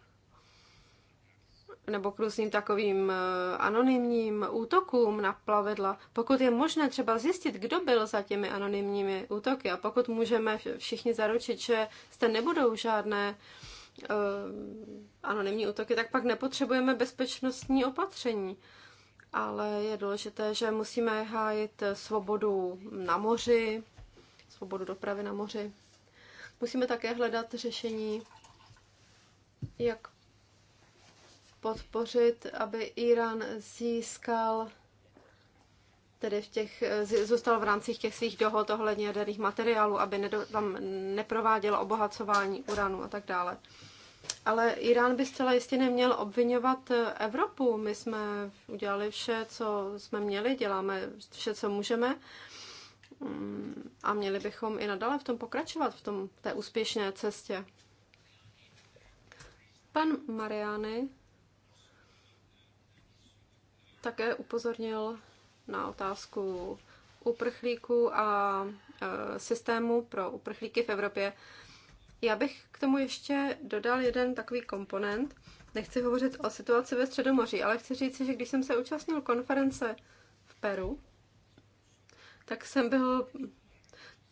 nebo k různým takovým eh, anonymním útokům na plavidla. Pokud je možné třeba zjistit, kdo byl za těmi anonymními útoky a pokud můžeme všichni zaručit, že zde nebudou žádné uh, Eh, anonymní útoky, tak pak nepotřebujeme bezpečnostní opatření. Ale je důležité, že musíme hájit svobodu na moři, svobodu dopravy na moři. Musíme také hledat řešení, jak podpořit, aby Irán získal tedy v těch, eh, zůstal v rámci těch svých dohod ohledně jaderných materiálů, aby nedo, tam neprovádělo obohacování uranu a tak dále. Ale Irán by zcela jistě neměl obvinovat eh, Evropu. My jsme udělali vše, co jsme měli, děláme vše, co můžeme. Mm, a měli bychom i nadále v tom pokračovat, v tom, té úspěšné cestě. Pan Mariány také upozornil na otázku uprchlíků a eh, systému pro uprchlíky v Evropě. Já bych k tomu ještě dodal jeden takový komponent. Nechci hovořit o situaci ve Středomoří, ale chci říct, že když jsem se účastnil konference v Peru, tak jsem byl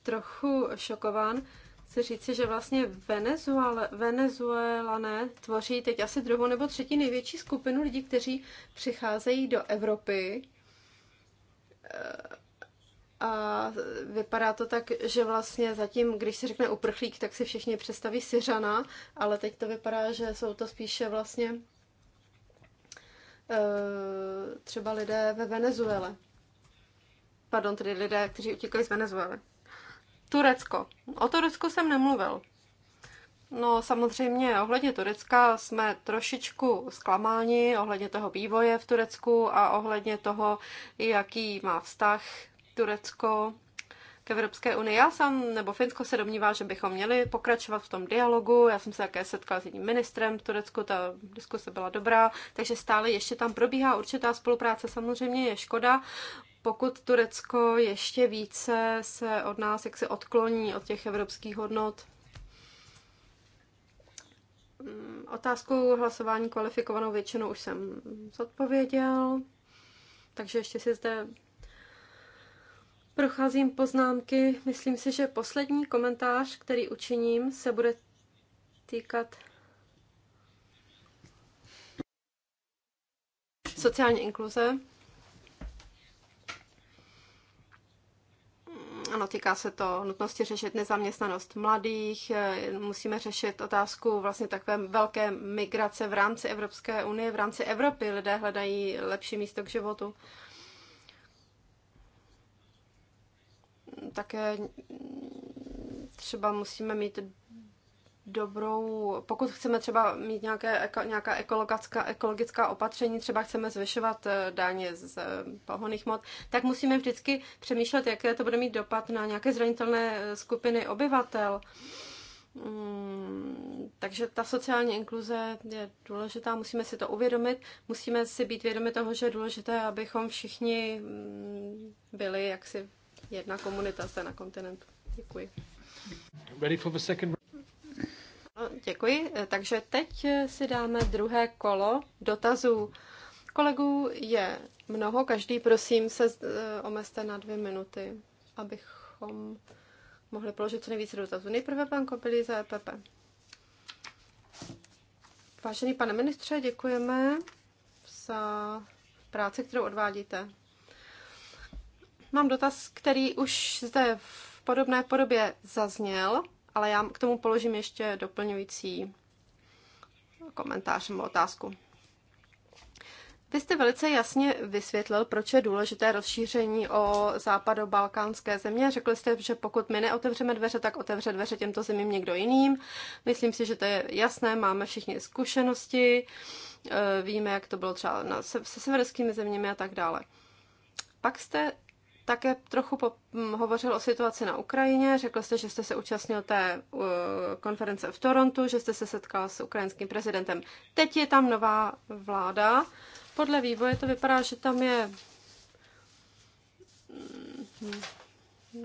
trochu šokován. Chci říct, že vlastně Venezuelané tvoří teď asi druhou nebo třetí největší skupinu lidí, kteří přicházejí do Evropy a vypadá to tak, že vlastně zatím, když se řekne uprchlík, tak si všichni představí Syřana, ale teď to vypadá, že jsou to spíše vlastně e, třeba lidé ve Venezuele. Pardon, tedy lidé, kteří utíkají z Venezuely. Turecko. O Turecku jsem nemluvil. No samozřejmě ohledně Turecka jsme trošičku zklamáni, ohledně toho vývoje v Turecku a ohledně toho, jaký má vztah Turecko k Evropské unii. Já sám, nebo Finsko se domnívá, že bychom měli pokračovat v tom dialogu. Já jsem se také setkala s jedním ministrem v Turecku, ta diskuse byla dobrá, takže stále ještě tam probíhá určitá spolupráce. Samozřejmě je škoda, pokud Turecko ještě více se od nás jak se odkloní od těch evropských hodnot. Mm, otázku hlasování kvalifikovanou většinou už jsem zodpověděl, takže ještě si zde Procházím poznámky. Myslím si, že poslední komentář, který učiním, se bude týkat sociální inkluze. Ano, týká se to nutnosti řešit nezaměstnanost mladých, musíme řešit otázku vlastně takové velké migrace v rámci Evropské unie, v rámci Evropy lidé hledají lepší místo k životu. také třeba musíme mít dobrou, pokud chceme třeba mít nějaké, nějaká ekologická, ekologická opatření, třeba chceme zvyšovat eh, dáně z eh, pohoných mod, tak musíme vždycky přemýšlet, jaké to bude mít dopad na nějaké zranitelné eh, skupiny obyvatel. Mm, takže ta sociální inkluze je důležitá, musíme si to uvědomit, musíme si být vědomi toho, že je důležité, abychom všichni mm, byli jaksi jedna komunita se na kontinentu. Děkuji. Ready for the second... No, děkuji. Takže teď si dáme druhé kolo dotazů. Kolegů je mnoho, každý prosím se eh, omezte na dvě minuty, abychom mohli položit co nejvíce dotazů. Nejprve pan Kopilí za EPP. Vážený pane ministře, děkujeme za práci, kterou odvádíte. Mám dotaz, který už zde v podobné podobě zazněl, ale já k tomu položím ještě doplňující komentář nebo otázku. Vy jste velice jasně vysvětlil, proč je důležité rozšíření o západobalkánské země. Řekli jste, že pokud my neotevřeme dveře, tak otevře dveře těmto zemím někdo jiným. Myslím si, že to je jasné, máme všichni zkušenosti, eh, víme, jak to bylo třeba se severskými zeměmi a tak dále. Pak jste také trochu po, hovořil o situaci na Ukrajině. Řekl jste, že jste se účastnil té uh, konference v Torontu, že jste se setkal s ukrajinským prezidentem. Teď je tam nová vláda. Podle vývoje to vypadá, že tam je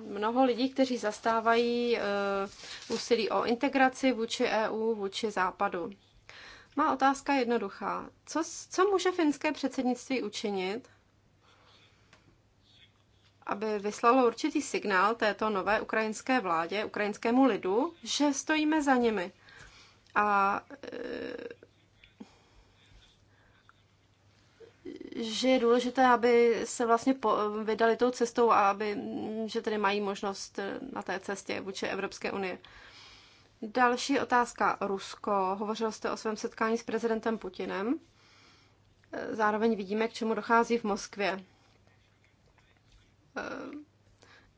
mnoho lidí, kteří zastávají uh, úsilí o integraci vůči EU, vůči Západu. Má otázka jednoduchá. Co, co může finské předsednictví učinit, aby vyslalo určitý signál této nové ukrajinské vládě, ukrajinskému lidu, že stojíme za nimi. A e, že je důležité, aby se vlastně vydali tou cestou a aby, že tedy mají možnost e, na té cestě vůči Evropské unie. Další otázka. Rusko. Hovořil jste o svém setkání s prezidentem Putinem. E, zároveň vidíme, k čemu dochází v Moskvě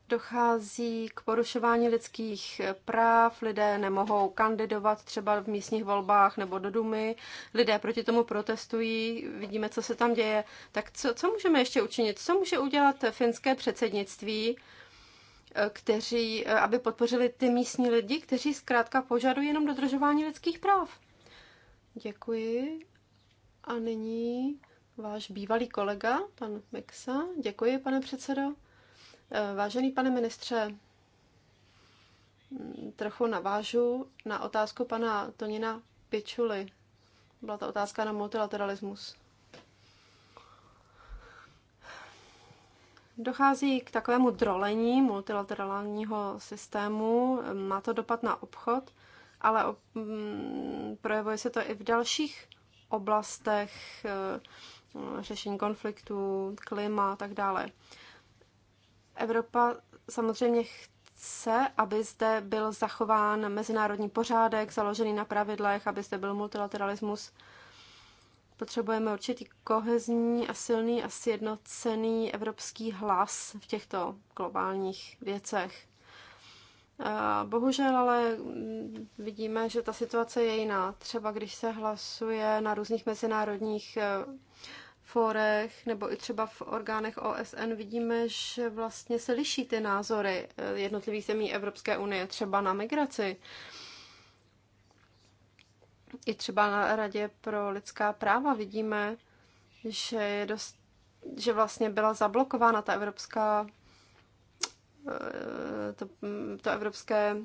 dochází k porušování lidských práv, lidé nemohou kandidovat třeba v místních volbách nebo do Dumy, lidé proti tomu protestují, vidíme, co se tam děje. Tak co, co můžeme ještě učinit? Co může udělat finské předsednictví, eh, kteří, eh, aby podpořili ty místní lidi, kteří zkrátka požadují jenom dodržování lidských práv? Děkuji. A nyní váš bývalý kolega, pan Mexa. Děkuji, pane předsedo. Eh, vážený pane ministře, hm, trochu navážu na otázku pana Tonina Pičuly. Byla to otázka na multilateralismus. Dochází k takovému drolení multilaterálního systému, má to dopad na obchod, ale hm, projevuje se to i v dalších oblastech eh, řešení konfliktů, klima a tak dále. Evropa samozřejmě chce, aby zde byl zachován mezinárodní pořádek, založený na pravidlech, aby zde byl multilateralismus. Potřebujeme určitý kohezní a silný a sjednocený evropský hlas v těchto globálních věcech. Bohužel ale vidíme, že ta situace je jiná. Třeba když se hlasuje na různých mezinárodních fórech nebo i třeba v orgánech OSN vidíme, že vlastně se liší ty názory eh, jednotlivých zemí Evropské unie, třeba na migraci. I třeba na Radě pro lidská práva vidíme, že, je dost, že vlastně byla zablokována ta evropská eh, to, to evropské,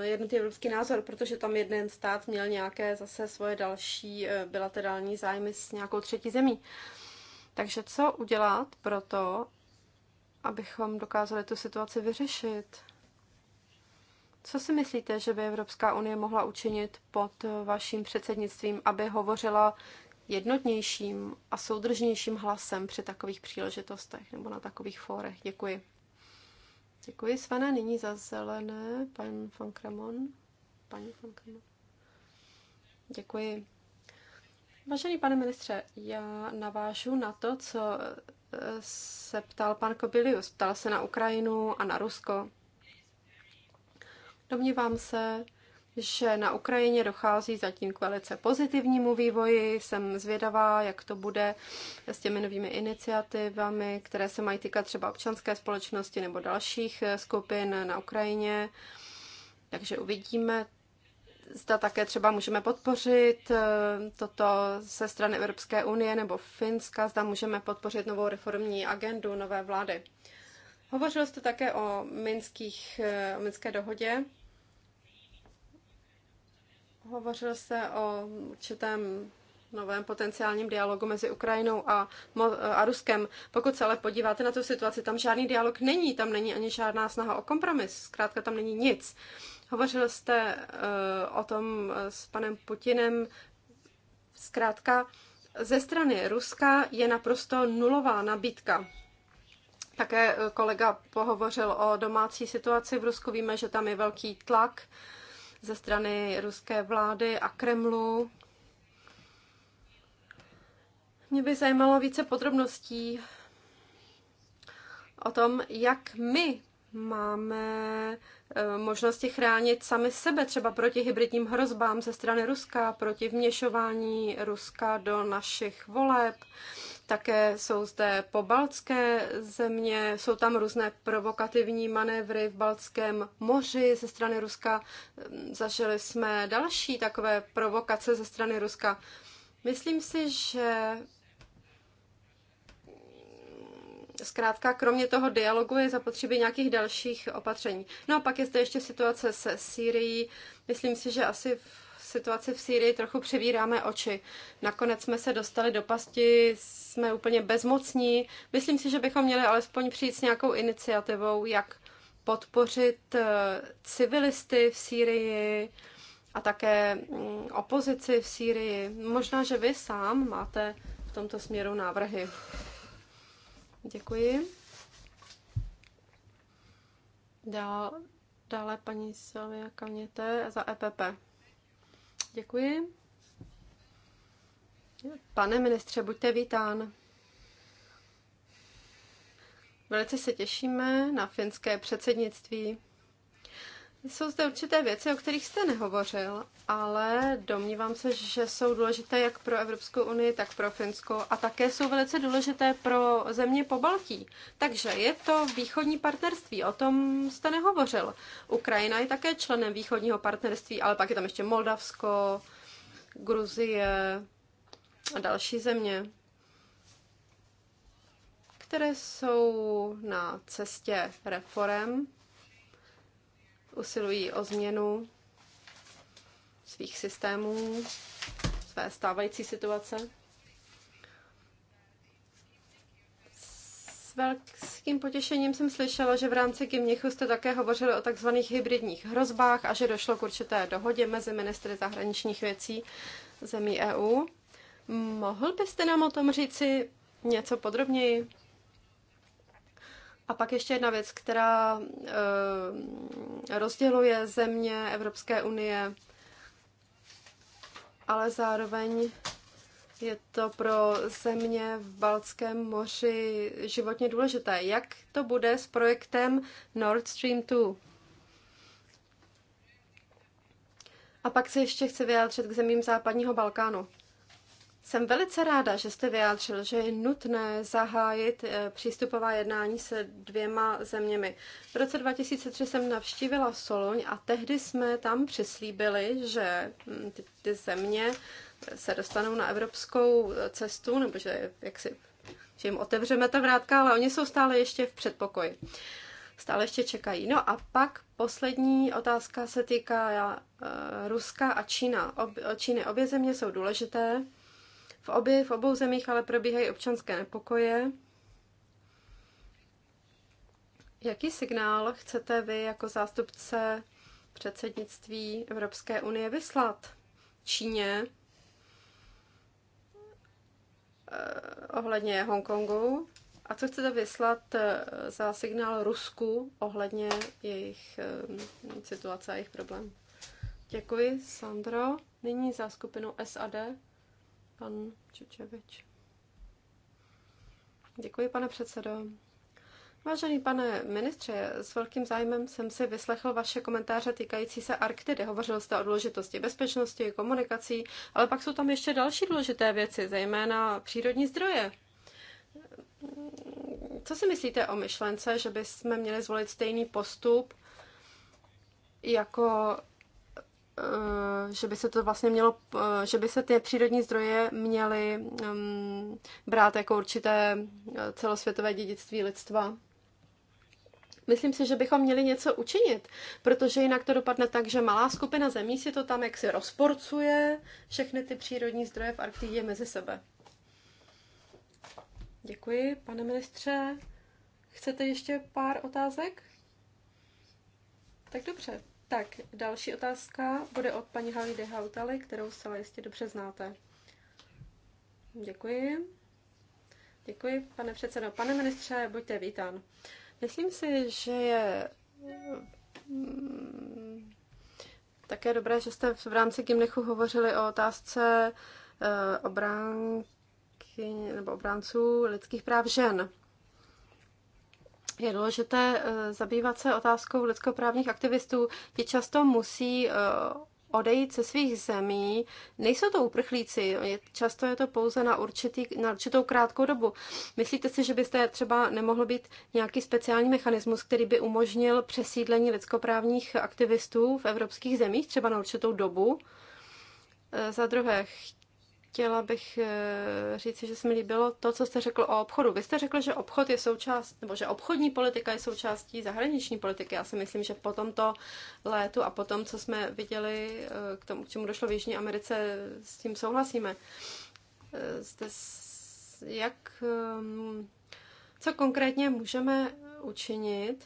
eh, jednotný evropský názor, protože tam jeden stát měl nějaké zase svoje další bilaterální zájmy s nějakou třetí zemí. Takže co udělat pro to, abychom dokázali tu situaci vyřešit? Co si myslíte, že by Evropská unie mohla učinit pod vaším předsednictvím, aby hovořila jednotnějším a soudržnějším hlasem při takových příležitostech nebo na takových fórech? Děkuji. Děkuji, Svane. Nyní za zelené, pan von Kremon. Paní von Kremon. Děkuji. Vážený pane ministře, já navážu na to, co eh, se ptal pan Kobilius. Ptal se na Ukrajinu a na Rusko. Domnívám se, že na Ukrajině dochází zatím k velice pozitivnímu vývoji. Jsem zvědavá, jak to bude s těmi novými iniciativami, které se mají týkat třeba občanské společnosti nebo dalších eh, skupin na Ukrajině. Takže uvidíme, zda také třeba můžeme podpořit eh, toto ze strany Evropské unie nebo Finska, zda můžeme podpořit novou reformní agendu nové vlády. Hovořil jste také o, minských, eh, o minské dohodě. Hovořil jste o určitém novém potenciálním dialogu mezi Ukrajinou a, eh, a Ruskem. Pokud se ale podíváte na tu situaci, tam žádný dialog není, tam není ani žádná snaha o kompromis, zkrátka tam není nic. Uh, Hovořil jste eh, o tom eh, s panem Putinem. Zkrátka, ze strany Ruska je naprosto nulová nabídka. Také eh, kolega pohovořil o domácí situaci v Rusku. Víme, že tam je velký tlak ze strany ruské vlády a Kremlu. Mě by zajímalo více podrobností o tom, jak my máme eh, možnosti chránit sami sebe třeba proti hybridním hrozbám ze strany Ruska, proti vměšování Ruska do našich voleb. Také jsou zde pobaltské země, jsou tam různé provokativní manévry v Baltském moři ze strany Ruska. Eh, zažili jsme další takové provokace ze strany Ruska. Myslím si, že zkrátka kromě toho dialogu je zapotřebí nějakých dalších opatření. No a pak je zde ještě situace se Sýrií. Myslím si, že asi v situaci v Sýrii trochu převíráme oči. Nakonec jsme se dostali do pasti, jsme úplně bezmocní. Myslím si, že bychom měli alespoň přijít s nějakou iniciativou, jak podpořit eh, civilisty v Sýrii a také mm, opozici v Sýrii. Možná, že vy sám máte v tomto směru návrhy. Děkuji. Dál, dále paní Silvia Kaměte za EPP. Děkuji. Pane ministře, buďte vítán. Velice se těšíme na finské předsednictví. Jsou zde určité věci, o kterých jste nehovořil, ale domnívám se, že jsou důležité jak pro Evropskou unii, tak pro Finsko a také jsou velice důležité pro země po Baltí. Takže je to východní partnerství, o tom jste nehovořil. Ukrajina je také členem východního partnerství, ale pak je tam ještě Moldavsko, Gruzie a další země, které jsou na cestě reform usilují o změnu svých systémů, své stávající situace. S velkým potěšením jsem slyšela, že v rámci Gimnichu jste také hovořili o takzvaných hybridních hrozbách a že došlo k určité dohodě mezi ministry zahraničních věcí zemí EU. Mohl byste nám o tom říci něco podrobněji? A pak ještě jedna věc, která eh, rozděluje země Evropské unie, ale zároveň je to pro země v Balckém moři životně důležité. Jak to bude s projektem Nord Stream 2? A pak se ještě chci vyjádřit k zemím západního Balkánu. Jsem velice ráda, že jste vyjádřil, že je nutné zahájit eh, přístupová jednání se dvěma zeměmi. V roce 2003 jsem navštívila Soloň a tehdy jsme tam přislíbili, že hm, ty, ty země eh, se dostanou na evropskou eh, cestu, nebo že, jak si, že jim otevřeme ta vrátka, ale oni jsou stále ještě v předpokoji. Stále ještě čekají. No a pak poslední otázka se týká Ruska a Čína. Ob, Číny obě země jsou důležité v, obě, v obou zemích ale probíhají občanské nepokoje. Jaký signál chcete vy jako zástupce předsednictví Evropské unie vyslat Číně eh, ohledně Hongkongu? A co chcete vyslat eh, za signál Rusku ohledně jejich eh, situace a jejich problémů? Děkuji, Sandro. Nyní za skupinu SAD pan Čučevič. Děkuji, pane předsedo. Vážený pane ministře, s velkým zájmem jsem si vyslechl vaše komentáře týkající se Arktidy. Hovořil jste o důležitosti bezpečnosti, komunikací, ale pak jsou tam ještě další důležité věci, zejména přírodní zdroje. Co si myslíte o myšlence, že bychom měli zvolit stejný postup jako Eh, že by se to vlastně mělo, eh, že by se ty přírodní zdroje měly mm, brát jako určité eh, celosvětové dědictví lidstva. Myslím si, že bychom měli něco učinit, protože jinak to dopadne tak, že malá skupina zemí si to tam jaksi rozporcuje všechny ty přírodní zdroje v Arktidě mezi sebe. Děkuji, pane ministře. Chcete ještě pár otázek? Tak dobře, tak, další otázka bude od paní Halidy Hautaly, kterou zcela jistě dobře znáte. Děkuji. Děkuji, pane předsedo. Pane ministře, buďte vítán. Myslím si, že je mm, také dobré, že jste v rámci Gimnechu hovořili o otázce eh, obránky nebo obránců lidských práv žen je důležité eh, zabývat se otázkou lidskoprávních aktivistů. Ti často musí eh, odejít ze svých zemí. Nejsou to uprchlíci, často je to pouze na, určitý, na určitou krátkou dobu. Myslíte si, že byste třeba nemohl být nějaký speciální mechanismus, který by umožnil přesídlení lidskoprávních aktivistů v evropských zemích, třeba na určitou dobu? Eh, za druhé, chtěla bych eh, říci, že se mi líbilo to, co jste řekl o obchodu. Vy jste řekl, že obchod je součást, nebo že obchodní politika je součástí zahraniční politiky. Já si myslím, že po tomto létu a po tom, co jsme viděli, eh, k tomu, k čemu došlo v Jižní Americe, s tím souhlasíme. Eh, jste, jak, co konkrétně můžeme učinit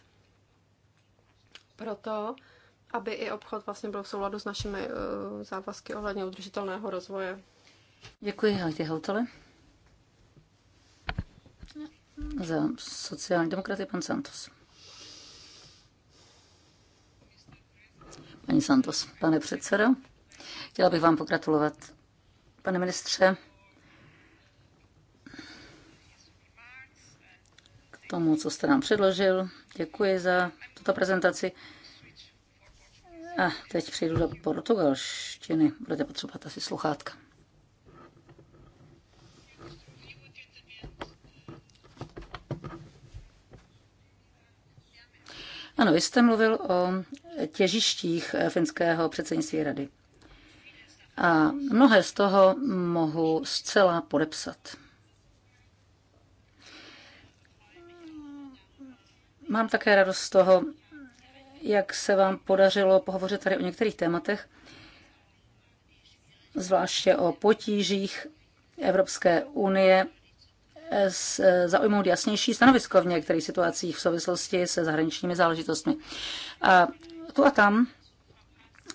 pro to, aby i obchod vlastně byl v souladu s našimi závazky ohledně udržitelného rozvoje. Děkuji, Hajtě Hautale. Za sociální demokraty pan Santos. Pani Santos, pane předsedo, chtěla bych vám pogratulovat. Pane ministře, k tomu, co jste nám předložil, děkuji za tuto prezentaci. A teď přejdu do portugalštiny. Budete potřebovat asi sluchátka. Ano, vy jste mluvil o těžištích finského předsednictví rady. A mnohé z toho mohu zcela podepsat. Mám také radost z toho, jak se vám podařilo pohovořit tady o některých tématech, zvláště o potížích Evropské unie zaujmout jasnější stanovisko v některých situacích v souvislosti se zahraničními záležitostmi. A tu a tam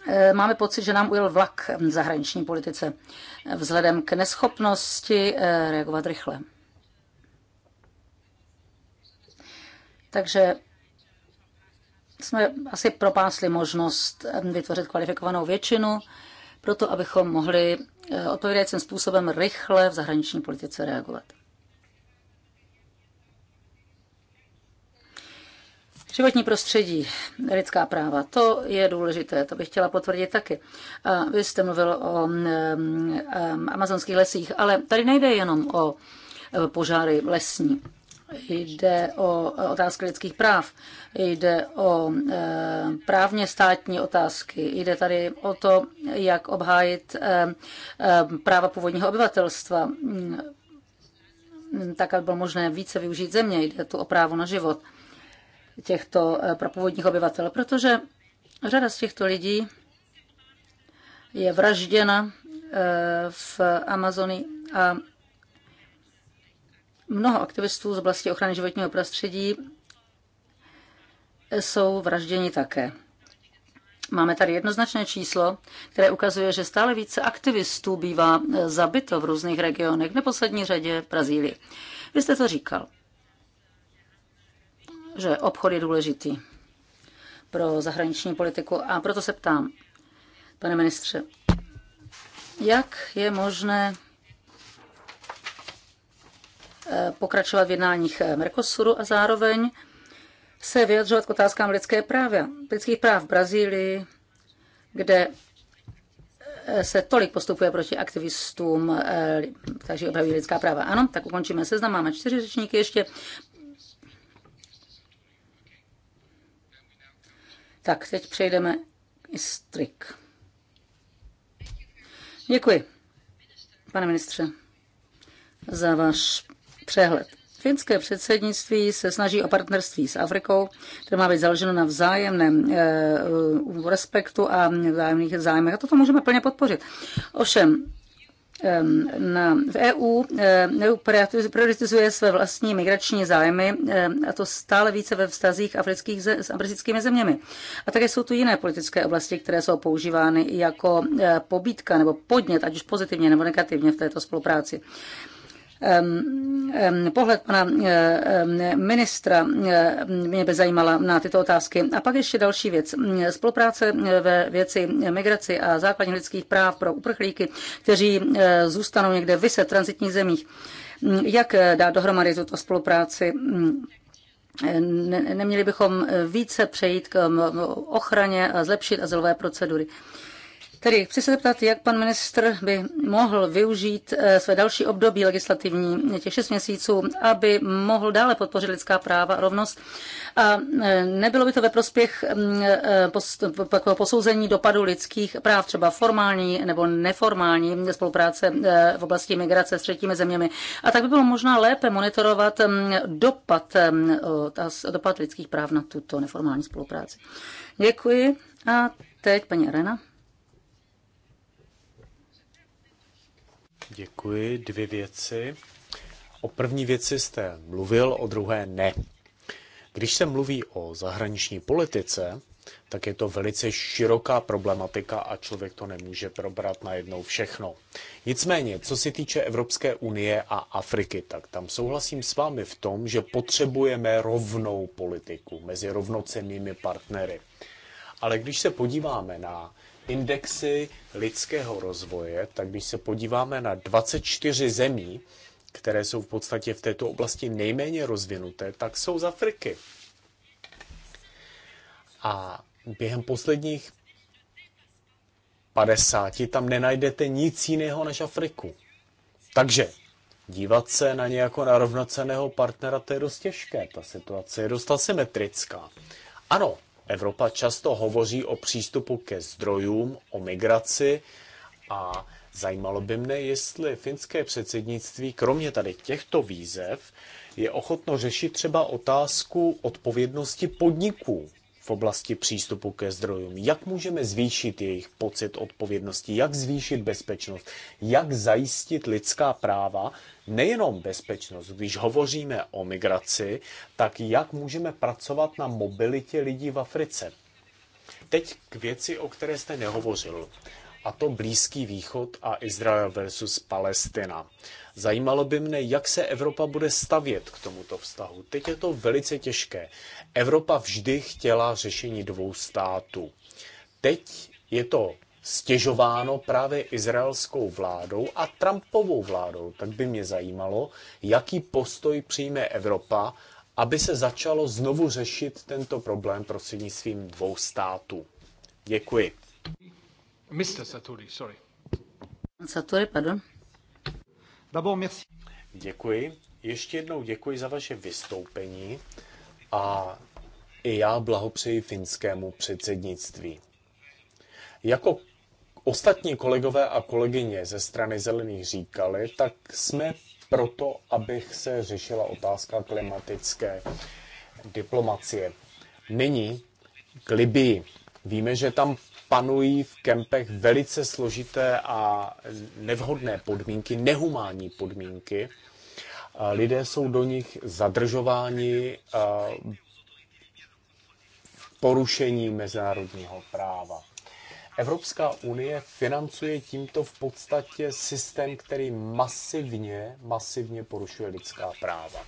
e, máme pocit, že nám ujel vlak v zahraniční politice vzhledem k neschopnosti e, reagovat rychle. Takže jsme asi propásli možnost e, vytvořit kvalifikovanou většinu, proto abychom mohli odpovědajícím způsobem rychle v zahraniční politice reagovat. Životní prostředí, lidská práva, to je důležité, to bych chtěla potvrdit taky. Vy jste mluvil o mm, mm, amazonských lesích, ale tady nejde jenom o e, požáry lesní. Jde o e, otázky lidských práv, jde o e, právně státní otázky, jde tady o to, jak obhájit práva původního obyvatelstva, mm, tak, aby bylo možné více využít země. Jde tu o právo na život těchto eh, pro obyvatel, protože řada z těchto lidí je vražděna eh, v Amazonii a mnoho aktivistů z oblasti ochrany životního prostředí jsou vražděni také. Máme tady jednoznačné číslo, které ukazuje, že stále více aktivistů bývá zabito v různých regionech, v neposlední řadě v Brazílii. Vy jste to říkal že obchod je důležitý pro zahraniční politiku a proto se ptám, pane ministře, jak je možné eh, pokračovat v jednáních Mercosuru a zároveň se vyjadřovat k otázkám lidské práva, lidských práv v Brazílii, kde eh, se tolik postupuje proti aktivistům, eh, kteří obravují lidská práva. Ano, tak ukončíme seznam. Máme čtyři řečníky ještě. Tak, teď přejdeme k strik. Děkuji, pane ministře, za váš přehled. Finské předsednictví se snaží o partnerství s Afrikou, které má být založeno na vzájemném eh, respektu a vzájemných zájmech. A toto můžeme plně podpořit. Ovšem, Ehm, na, v e ehm, EU prioritizuje své vlastní migrační zájmy ehm, a to stále více ve vztazích afrických ze, s africkými zeměmi. A také jsou tu jiné politické oblasti, které jsou používány jako eh, pobídka nebo podnět, ať už pozitivně nebo negativně v této spolupráci pohled pana ministra mě by zajímala na tyto otázky. A pak ještě další věc. Spolupráce ve věci migraci a základních lidských práv pro uprchlíky, kteří e, zůstanou někde vyset v transitních zemích. Jak dát dohromady tuto spolupráci? Neměli bychom více přejít k ochraně a zlepšit azylové procedury. Tedy chci se zeptat, jak pan ministr by mohl využít eh, své další období legislativní, těch šest měsíců, aby mohl dále podpořit lidská práva, rovnost. A eh, nebylo by to ve prospěch mm, eh, posouzení dopadu lidských práv, třeba formální nebo neformální spolupráce v oblasti migrace s třetími zeměmi. A tak by bylo možná lépe monitorovat mm, dopad, mm, dopad lidských práv na tuto neformální spolupráci. Děkuji. A teď paní Arena. Děkuji. Dvě věci. O první věci jste mluvil, o druhé ne. Když se mluví o zahraniční politice, tak je to velice široká problematika a člověk to nemůže probrat najednou všechno. Nicméně, co se týče Evropské unie a Afriky, tak tam souhlasím s vámi v tom, že potřebujeme rovnou politiku mezi rovnocennými partnery. Ale když se podíváme na indexy lidského rozvoje, tak když se podíváme na 24 zemí, které jsou v podstatě v této oblasti nejméně rozvinuté, tak jsou z Afriky. A během posledních 50 tam nenajdete nic jiného než Afriku. Takže dívat se na ně jako na rovnoceného partnera, to je dost těžké. Ta situace je dost asymetrická. Ano, Evropa často hovoří o přístupu ke zdrojům, o migraci a zajímalo by mne, jestli finské předsednictví, kromě tady těchto výzev, je ochotno řešit třeba otázku odpovědnosti podniků v oblasti přístupu ke zdrojům. Jak můžeme zvýšit jejich pocit odpovědnosti, jak zvýšit bezpečnost, jak zajistit lidská práva nejenom bezpečnost. Když hovoříme o migraci, tak jak můžeme pracovat na mobilitě lidí v Africe? Teď k věci, o které jste nehovořil, a to Blízký východ a Izrael versus Palestina. Zajímalo by mne, jak se Evropa bude stavět k tomuto vztahu. Teď je to velice těžké. Evropa vždy chtěla řešení dvou států. Teď je to stěžováno právě izraelskou vládou a Trumpovou vládou. Tak by mě zajímalo, jaký postoj přijme Evropa, aby se začalo znovu řešit tento problém prostřednictvím dvou států. Děkuji. Mr. Saturi, sorry. Saturi, pardon. D'abord, merci. Děkuji. Ještě jednou děkuji za vaše vystoupení a i já blahopřeji finskému předsednictví. Jako ostatní kolegové a kolegyně ze strany Zelených říkali, tak jsme proto, abych se řešila otázka klimatické diplomacie. Nyní k Libii. Víme, že tam panují v kempech velice složité a nevhodné podmínky, nehumánní podmínky. Lidé jsou do nich zadržováni porušení mezinárodního práva. Evropská unie financuje tímto v podstatě systém, který masivně, masivně porušuje lidská práva.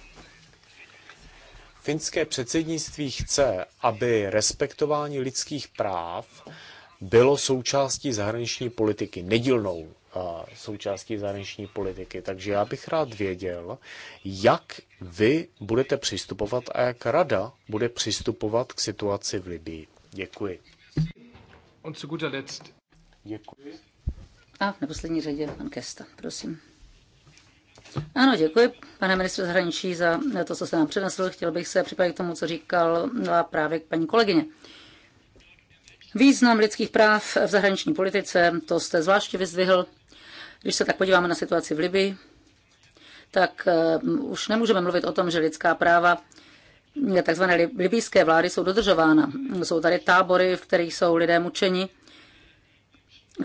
Finské předsednictví chce, aby respektování lidských práv bylo součástí zahraniční politiky, nedílnou uh, součástí zahraniční politiky. Takže já bych rád věděl, jak vy budete přistupovat a jak rada bude přistupovat k situaci v Libii. Děkuji. Und zu guter Letzt. Děkuji. A v neposlední řadě pan Kesta, prosím. Ano, děkuji, pane ministře zahraničí, za to, co jste nám přinesl. Chtěl bych se připojit k tomu, co říkal právě paní kolegyně. Význam lidských práv v zahraniční politice, to jste zvláště vyzdvihl. Když se tak podíváme na situaci v Libii, tak eh, už nemůžeme mluvit o tom, že lidská práva tzv. libijské vlády jsou dodržována. Jsou tady tábory, v kterých jsou lidé mučeni,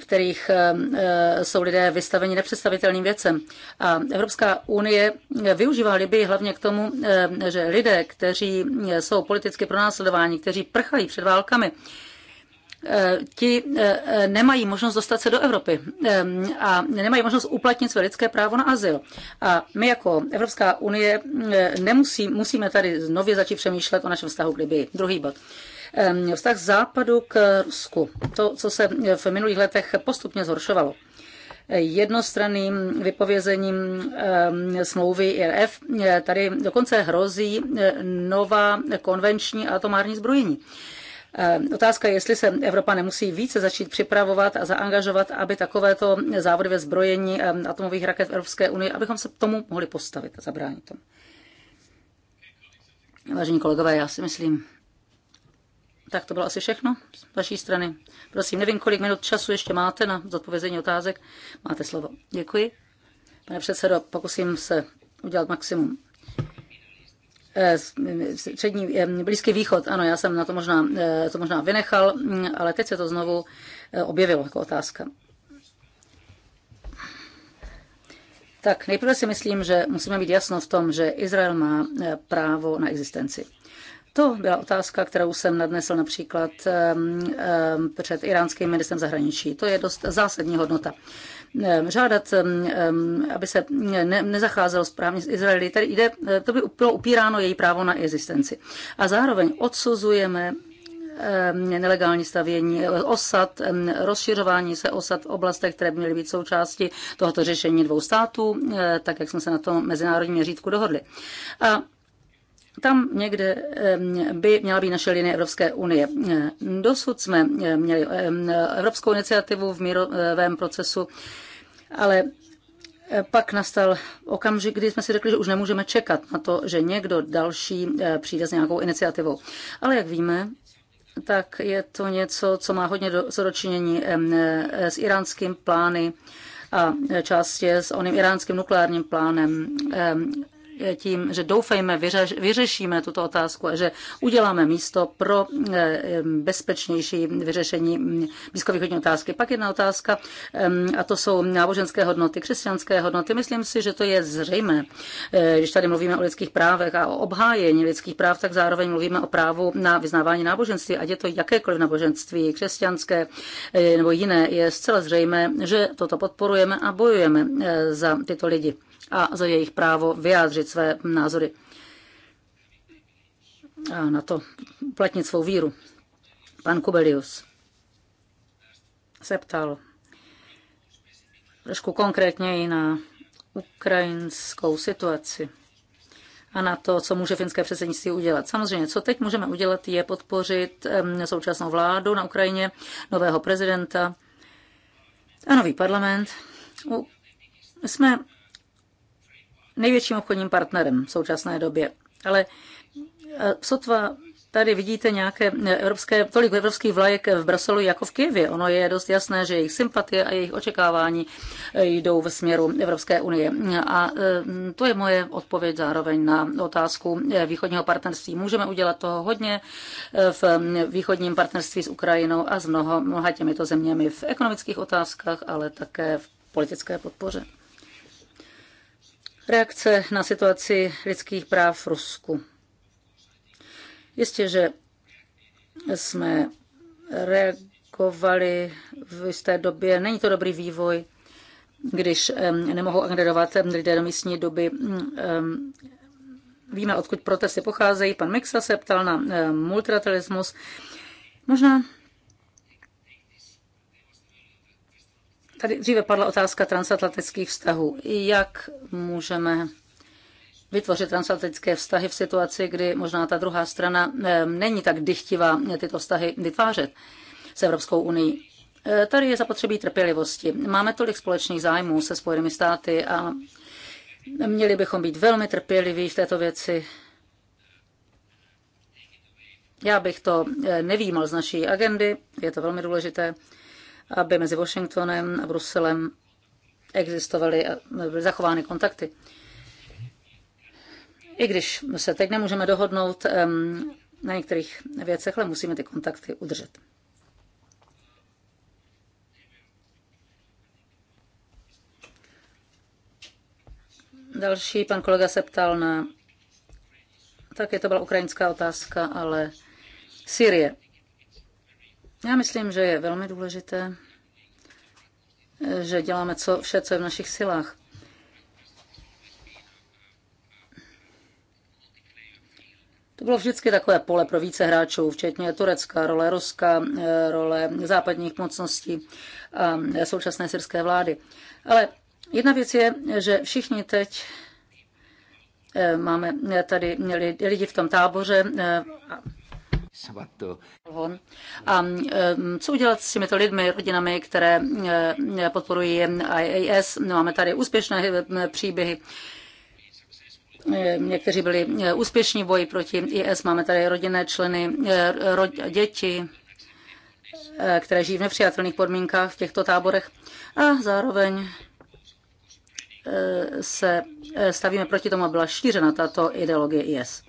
v kterých eh, eh, jsou lidé vystaveni nepředstavitelným věcem. A Evropská unie využívá Libii hlavně k tomu, eh, že lidé, kteří jsou politicky pronásledováni, kteří prchají před válkami, Eh, ti eh, eh, nemají možnost dostat se do Evropy a nemají možnost uplatnit své lidské právo na azyl. A my jako Evropská unie nemusí, musíme tady nově začít přemýšlet o našem vztahu k Libii. Druhý bod vztah západu k Rusku. To, co se v minulých letech postupně zhoršovalo jednostranným vypovězením smlouvy IRF. Tady dokonce hrozí nová konvenční atomární zbrojení. Eh, otázka je, jestli se Evropa nemusí více začít připravovat a zaangažovat, aby takovéto závody ve zbrojení eh, atomových raket v Evropské unii, abychom se tomu mohli postavit a zabránit tomu. Vážení kolegové, já si myslím, tak to bylo asi všechno z vaší strany. Prosím, nevím, kolik minut času ještě máte na zodpovězení otázek. Máte slovo. Děkuji. Pane předsedo, pokusím se udělat maximum. Eh, střední, eh, Blízký východ, ano, já jsem na to možná, eh, to možná vynechal, mm, ale teď se to znovu objevilo jako otázka. Tak nejprve si myslím, že musíme být jasno v tom, že Izrael má právo na existenci. To byla otázka, kterou jsem nadnesl například ehm, ehm, před iránským ministrem zahraničí. To je dost zásadní hodnota žádat, eh, eh, eh, aby se ne, nezacházelo správně s Izraeli. Tady jde, to by bylo upíráno její právo na existenci. A zároveň odsuzujeme nelegální stavění osad, rozšiřování se osad v oblastech, které by měly být součástí tohoto řešení dvou států, tak jak jsme se na tom mezinárodním měřítku dohodli. A tam někde by měla být naše linie Evropské unie. Dosud jsme měli Evropskou iniciativu v mírovém procesu, ale pak nastal okamžik, kdy jsme si řekli, že už nemůžeme čekat na to, že někdo další přijde s nějakou iniciativou. Ale jak víme, tak je to něco, co má hodně dočinění s iránským plány a částě s oným iránským nukleárním plánem tím, že doufejme, vyřešíme tuto otázku a že uděláme místo pro eh, bezpečnější vyřešení mm, blízkovýchodní otázky. Pak jedna otázka, a to jsou náboženské hodnoty, křesťanské hodnoty. Myslím si, že to je zřejmé. Eh, když tady mluvíme o lidských právech a o obhájení lidských práv, tak zároveň mluvíme o právu na vyznávání náboženství, ať je to jakékoliv náboženství, křesťanské eh, nebo jiné. Je zcela zřejmé, že toto podporujeme a bojujeme za tyto lidi a za jejich právo vyjádřit své názory a na to uplatnit svou víru. Pan Kubelius se ptal trošku konkrétněji na ukrajinskou situaci a na to, co může finské předsednictví udělat. Samozřejmě, co teď můžeme udělat, je podpořit současnou vládu na Ukrajině, nového prezidenta a nový parlament. Jsme největším obchodním partnerem v současné době. Ale e, sotva tady vidíte nějaké e, evropské, tolik evropských vlajek v Bruselu jako v Kijevě. Ono je dost jasné, že jejich sympatie a jejich očekávání e, jdou v směru Evropské unie. A to je moje odpověď zároveň na otázku východního partnerství. Můžeme udělat toho hodně v východním partnerství s Ukrajinou a s mnoho, mnoha těmito zeměmi v ekonomických otázkách, ale také v politické podpoře. Reakce na situaci lidských práv v Rusku. Jistě, že jsme reagovali v jisté době. Není to dobrý vývoj, když nemohou agredovat lidé do místní doby. Víme, odkud protesty pocházejí. Pan Mixa se ptal na multilateralismus. Možná Tady dříve padla otázka transatlantických vztahů. Jak můžeme vytvořit transatlantické vztahy v situaci, kdy možná ta druhá strana není tak dychtivá tyto vztahy vytvářet s Evropskou unii? E, tady je zapotřebí trpělivosti. Máme tolik společných zájmů se Spojenými státy a měli bychom být velmi trpěliví v této věci. Já bych to e, nevýmal z naší agendy, je to velmi důležité aby mezi Washingtonem a Bruselem existovaly a byly zachovány kontakty. I když se teď nemůžeme dohodnout na některých věcech, ale musíme ty kontakty udržet. Další pan kolega se ptal na, je to byla ukrajinská otázka, ale Syrie. Já myslím, že je velmi důležité, že děláme co, vše, co je v našich silách. To bylo vždycky takové pole pro více hráčů, včetně Turecka, role Ruska, eh, role západních mocností a současné syrské vlády. Ale jedna věc je, že všichni teď eh, máme eh, tady lidi v tom táboře a co udělat s těmito lidmi, rodinami, které podporují IAS? No, máme tady úspěšné příběhy. Někteří byli úspěšní v boji proti IS. Máme tady rodinné členy, ro, děti, které žijí v nepřijatelných podmínkách v těchto táborech. A zároveň se e, stavíme proti tomu, aby byla šířena tato ideologie IS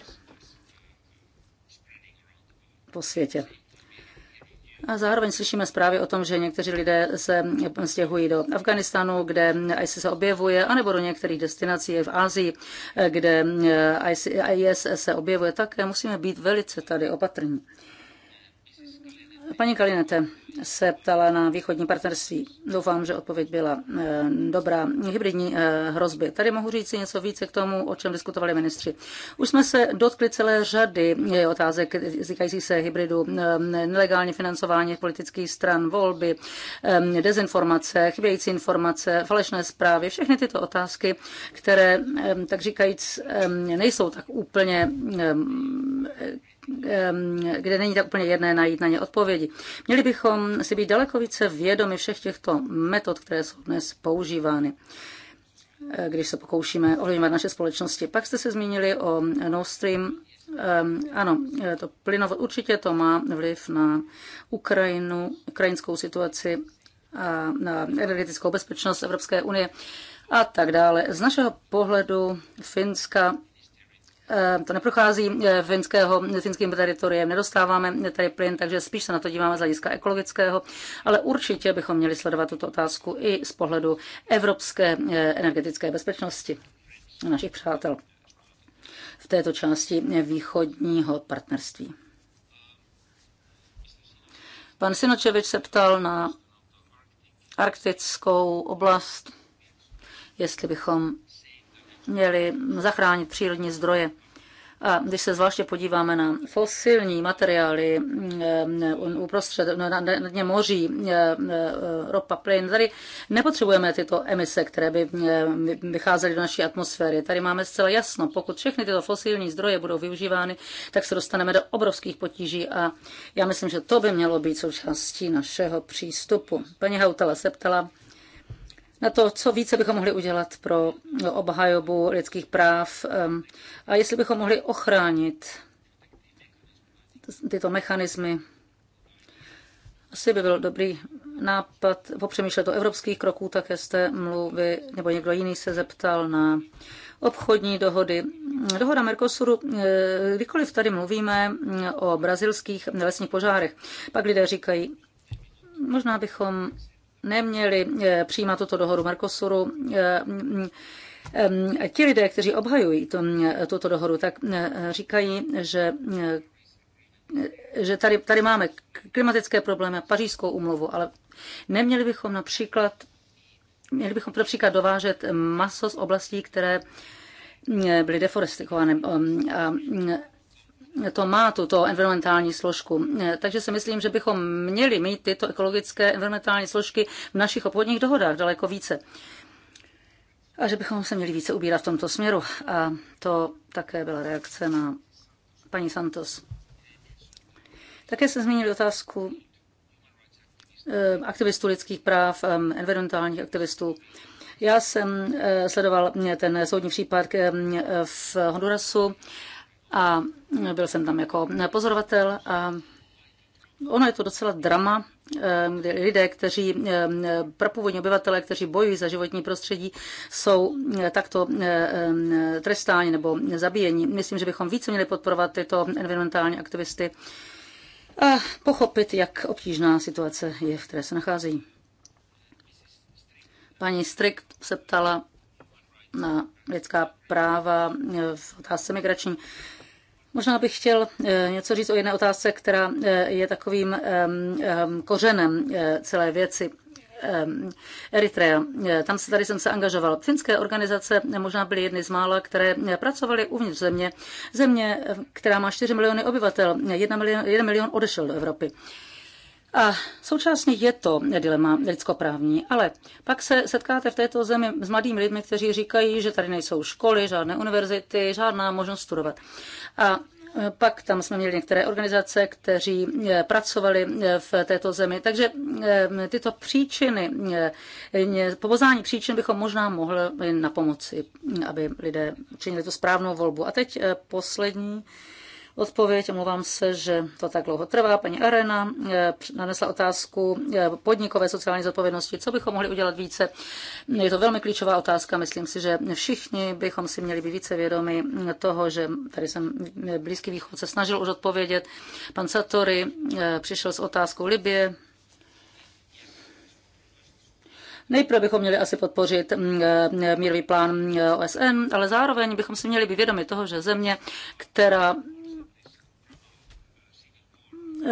po světě. A zároveň slyšíme zprávy o tom, že někteří lidé se stěhují do Afganistánu, kde ISIS se objevuje, anebo do některých destinací v Asii, kde IS se objevuje také. Musíme být velice tady opatrní. Paní Kalinete se ptala na východní partnerství. Doufám, že odpověď byla eh, dobrá. Hybridní eh, hrozby. Tady mohu říct si něco více k tomu, o čem diskutovali ministři. Už jsme se dotkli celé řady eh, otázek týkající se hybridu, nelegální financování politických stran, volby, dezinformace, chybějící informace, falešné zprávy, všechny tyto otázky, které, tak říkajíc, nejsou tak úplně kde není tak úplně jedné najít na ně odpovědi. Měli bychom si být daleko více vědomi všech těchto metod, které jsou dnes používány eh, když se pokoušíme ovlivňovat naše společnosti. Pak jste se zmínili o Nord Stream. Ano, eh, to plynovod určitě to má vliv na Ukrajinu, ukrajinskou situaci a na energetickou bezpečnost Evropské unie a tak dále. Z našeho pohledu Finska Eh, to neprochází eh, finského, finským teritoriem, nedostáváme tady plyn, takže spíš se na to díváme z hlediska ekologického, ale určitě bychom měli sledovat tuto otázku i z pohledu evropské eh, energetické bezpečnosti našich přátel v této části východního partnerství. Pan Sinočevič se ptal na arktickou oblast, jestli bychom měli zachránit přírodní zdroje. A když se zvláště podíváme na fosilní materiály ehm, uprostřed no, na, na dně moří, ehm, ehm, ropa, plyn, tady nepotřebujeme tyto emise, které by vycházely do naší atmosféry. Tady máme zcela jasno, pokud všechny tyto fosilní zdroje budou využívány, tak se dostaneme do obrovských potíží a já myslím, že to by mělo být součástí našeho přístupu. Paní Hautala se ptala na to, co více bychom mohli udělat pro obhajobu lidských práv a jestli bychom mohli ochránit tyto mechanismy. Asi by byl dobrý nápad popřemýšlet o evropských kroků, také jste mluvy, nebo někdo jiný se zeptal na obchodní dohody. Dohoda Mercosuru, e, kdykoliv tady mluvíme e, o brazilských lesních požárech, pak lidé říkají, možná bychom neměli eh, přijímat tuto dohodu Mercosuru, eh, mm, eh, mm, ti lidé, kteří obhajují tuto dohodu, tak říkají, že že tady, tady máme klimatické problémy, pařížskou umluvu, ale neměli bychom například, měli bychom například dovážet maso z oblastí, které mm, byly deforestované. Ehm, a to má tuto environmentální složku. Eh, takže si myslím, že bychom měli mít tyto ekologické environmentální složky v našich obchodních dohodách daleko více. A že bychom se měli více ubírat v tomto směru. A to také byla reakce na paní Santos. Také jsem zmínil otázku eh, aktivistů lidských práv, environmentálních aktivistů. Já jsem eh, sledoval ten soudní případ v Hondurasu a byl jsem tam jako pozorovatel a ono je to docela drama, eh, lidé, kteří, eh, prapůvodní obyvatele, kteří bojují za životní prostředí, jsou eh, takto trestáni nebo zabíjeni. Myslím, že bychom více měli podporovat tyto environmentální aktivisty a pochopit, jak obtížná situace je, v které se nacházejí. Paní Strik se ptala na lidská práva v otázce migrační. Možná bych chtěl eh, něco říct o jedné otázce, která eh, je takovým kořenem eh, celé věci. Eritrea. Tam se tady jsem se angažoval. Finské organizace možná byly jedny z mála, které pracovaly uvnitř země. Země, která má 4 miliony obyvatel, 1 milion, 1 milion odešel do Evropy. A současně je to dilema lidskoprávní, ale pak se setkáte v této zemi s mladými lidmi, kteří říkají, že tady nejsou školy, žádné univerzity, žádná možnost studovat. A e, pak tam jsme měli některé organizace, kteří e, pracovali e, v této zemi. Takže tyto příčiny, povozání příčin bychom možná mohli na pomoci, aby lidé činili tu správnou volbu. A teď poslední odpověď. Omlouvám se, že to tak dlouho trvá. Paní Arena eh, nanesla otázku eh, podnikové sociální zodpovědnosti. Co bychom mohli udělat více? Je to velmi klíčová otázka. Myslím si, že všichni bychom si měli být více vědomi toho, že tady jsem Blízký východ se snažil už odpovědět. Pan Satori eh, přišel s otázkou Libie. Nejprve bychom měli asi podpořit mm, mírový plán mm, OSN, ale zároveň bychom si měli být vědomi toho, že země, která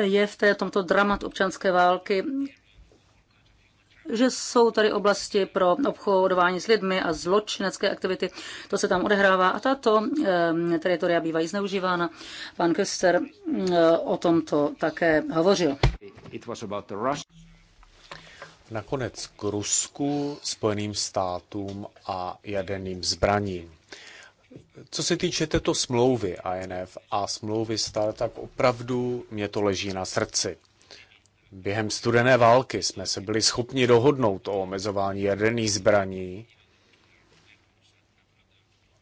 je v té, tomto dramat občanské války, že jsou tady oblasti pro obchodování s lidmi a zločinecké aktivity. To se tam odehrává a tato eh, teritoria bývají zneužívána. Pan Köster eh, o tomto také hovořil. Nakonec k Rusku, Spojeným státům a jaderným zbraním. Co se týče této smlouvy ANF a smlouvy STAR, tak opravdu mě to leží na srdci. Během studené války jsme se byli schopni dohodnout o omezování jaderných zbraní.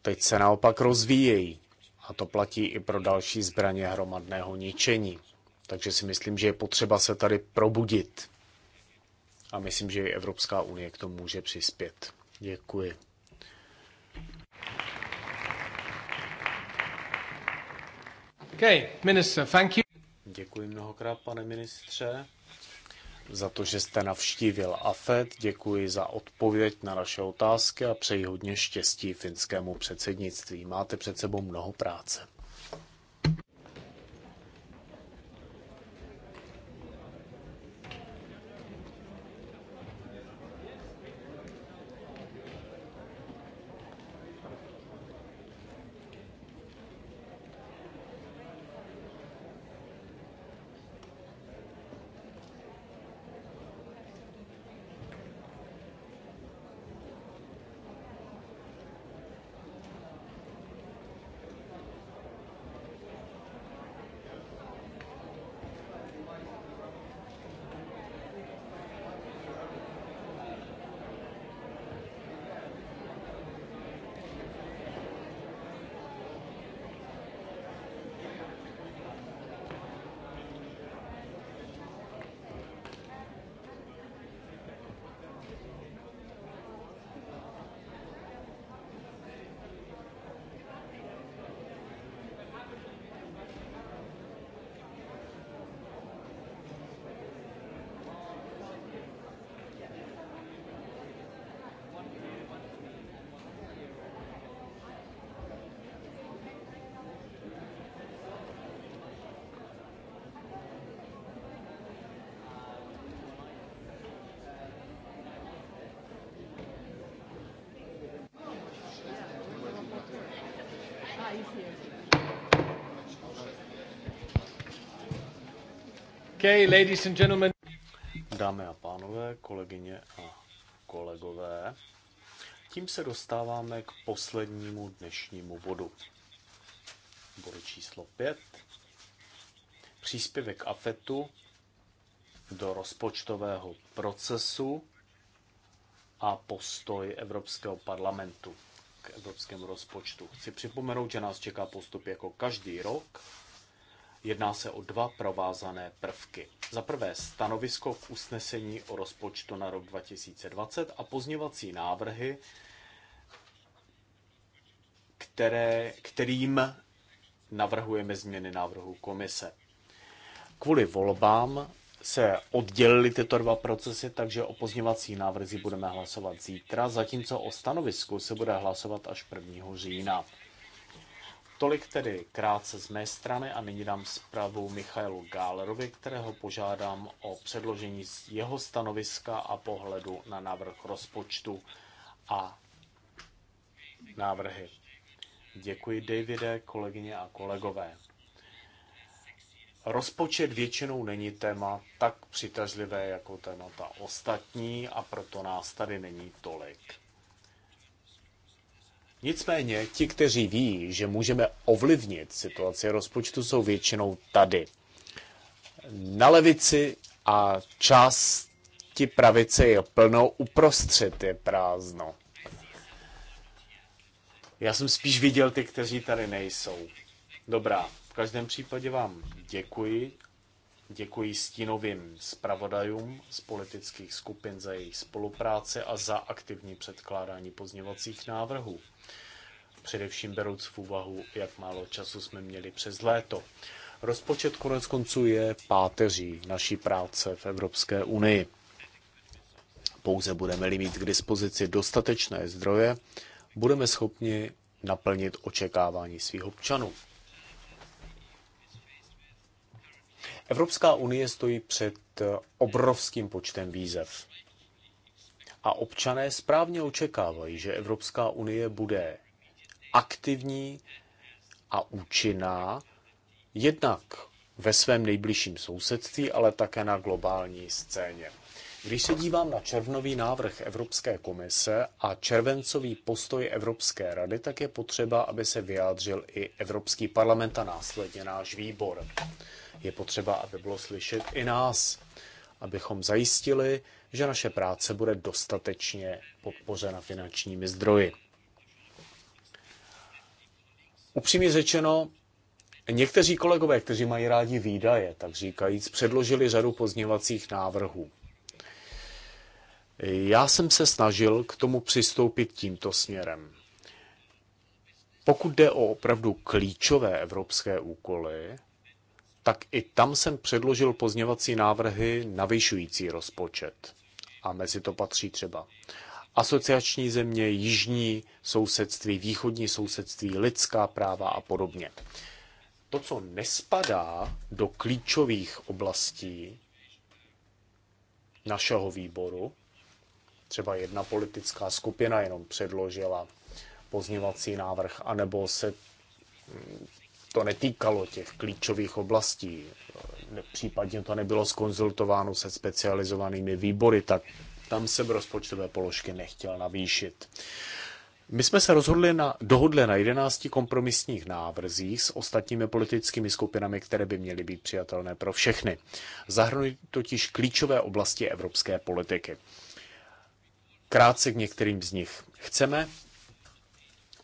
Teď se naopak rozvíjejí. A to platí i pro další zbraně hromadného ničení. Takže si myslím, že je potřeba se tady probudit. A myslím, že i Evropská unie k tomu může přispět. Děkuji. Okay, minister, thank you. Děkuji mnohokrát, pane ministře, za to, že jste navštívil AFED. Děkuji za odpověď na naše otázky a přeji hodně štěstí finskému předsednictví. Máte před sebou mnoho práce. Okay, ladies and gentlemen. Dámy a pánové, kolegyně a kolegové, tím se dostáváme k poslednímu dnešnímu bodu. Bodu číslo 5. Příspěvek AFETu do rozpočtového procesu a postoj Evropského parlamentu k evropskému rozpočtu. Chci připomenout, že nás čeká postup jako každý rok Jedná se o dva provázané prvky. Za prvé stanovisko k usnesení o rozpočtu na rok 2020 a pozněvací návrhy, které, kterým navrhujeme změny návrhu komise. Kvůli volbám se oddělily tyto dva procesy, takže o pozněvací návrzích budeme hlasovat zítra, zatímco o stanovisku se bude hlasovat až 1. října. Tolik tedy krátce z mé strany a nyní dám zprávu Michailu Gálerovi, kterého požádám o předložení jeho stanoviska a pohledu na návrh rozpočtu a návrhy. Děkuji, Davide, kolegyně a kolegové. Rozpočet většinou není téma tak přitažlivé jako témata ostatní a proto nás tady není tolik. Nicméně ti, kteří ví, že můžeme ovlivnit situaci rozpočtu, jsou většinou tady. Na levici a části pravice je plno, uprostřed je prázdno. Já jsem spíš viděl ty, kteří tady nejsou. Dobrá, v každém případě vám děkuji. Děkuji stínovým zpravodajům z politických skupin za jejich spolupráci a za aktivní předkládání pozněvacích návrhů především berouc v úvahu, jak málo času jsme měli přes léto. Rozpočet konec konců je páteří naší práce v Evropské unii. Pouze budeme-li mít k dispozici dostatečné zdroje, budeme schopni naplnit očekávání svých občanů. Evropská unie stojí před obrovským počtem výzev. A občané správně očekávají, že Evropská unie bude aktivní a účinná jednak ve svém nejbližším sousedství, ale také na globální scéně. Když se dívám na červnový návrh Evropské komise a červencový postoj Evropské rady, tak je potřeba, aby se vyjádřil i Evropský parlament a následně náš výbor. Je potřeba, aby bylo slyšet i nás, abychom zajistili, že naše práce bude dostatečně podpořena finančními zdroji upřímně řečeno, někteří kolegové, kteří mají rádi výdaje, tak říkajíc, předložili řadu pozněvacích návrhů. Já jsem se snažil k tomu přistoupit tímto směrem. Pokud jde o opravdu klíčové evropské úkoly, tak i tam jsem předložil pozněvací návrhy navyšující rozpočet. A mezi to patří třeba asociační země, jižní sousedství, východní sousedství, lidská práva a podobně. To, co nespadá do klíčových oblastí našeho výboru, třeba jedna politická skupina jenom předložila pozněvací návrh, anebo se mm, to netýkalo těch klíčových oblastí, případně to nebylo skonzultováno se specializovanými výbory, tak tam jsem rozpočtové položky nechtěl navýšit. My jsme se rozhodli na, dohodli na 11 kompromisních návrzích s ostatními politickými skupinami, které by měly být přijatelné pro všechny. Zahrnují totiž klíčové oblasti evropské politiky. Krátce k některým z nich. Chceme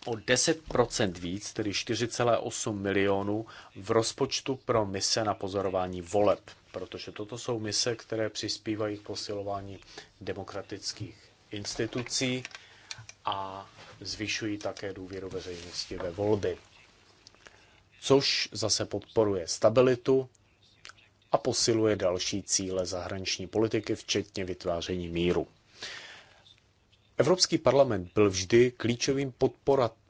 o 10% víc, tedy 4,8 milionů v rozpočtu pro mise na pozorování voleb protože toto jsou mise, které přispívají k posilování demokratických institucí a zvyšují také důvěru veřejnosti ve volby, což zase podporuje stabilitu a posiluje další cíle zahraniční politiky, včetně vytváření míru. Evropský parlament byl vždy klíčovým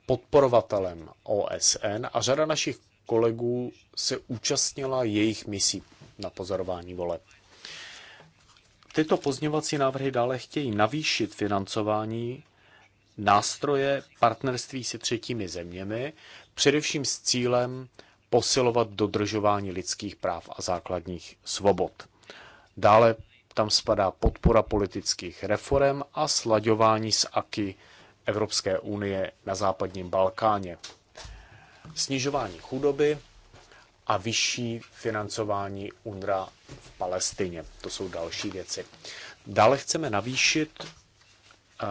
podporovatelem OSN a řada našich kolegů se účastnila jejich misí na pozorování voleb. Tyto pozněvací návrhy dále chtějí navýšit financování nástroje partnerství se třetími zeměmi, především s cílem posilovat dodržování lidských práv a základních svobod. Dále tam spadá podpora politických reform a slaďování s aky Evropské unie na západním Balkáně. Snižování chudoby, a vyšší financování UNRA v Palestině. To jsou další věci. Dále chceme navýšit eh,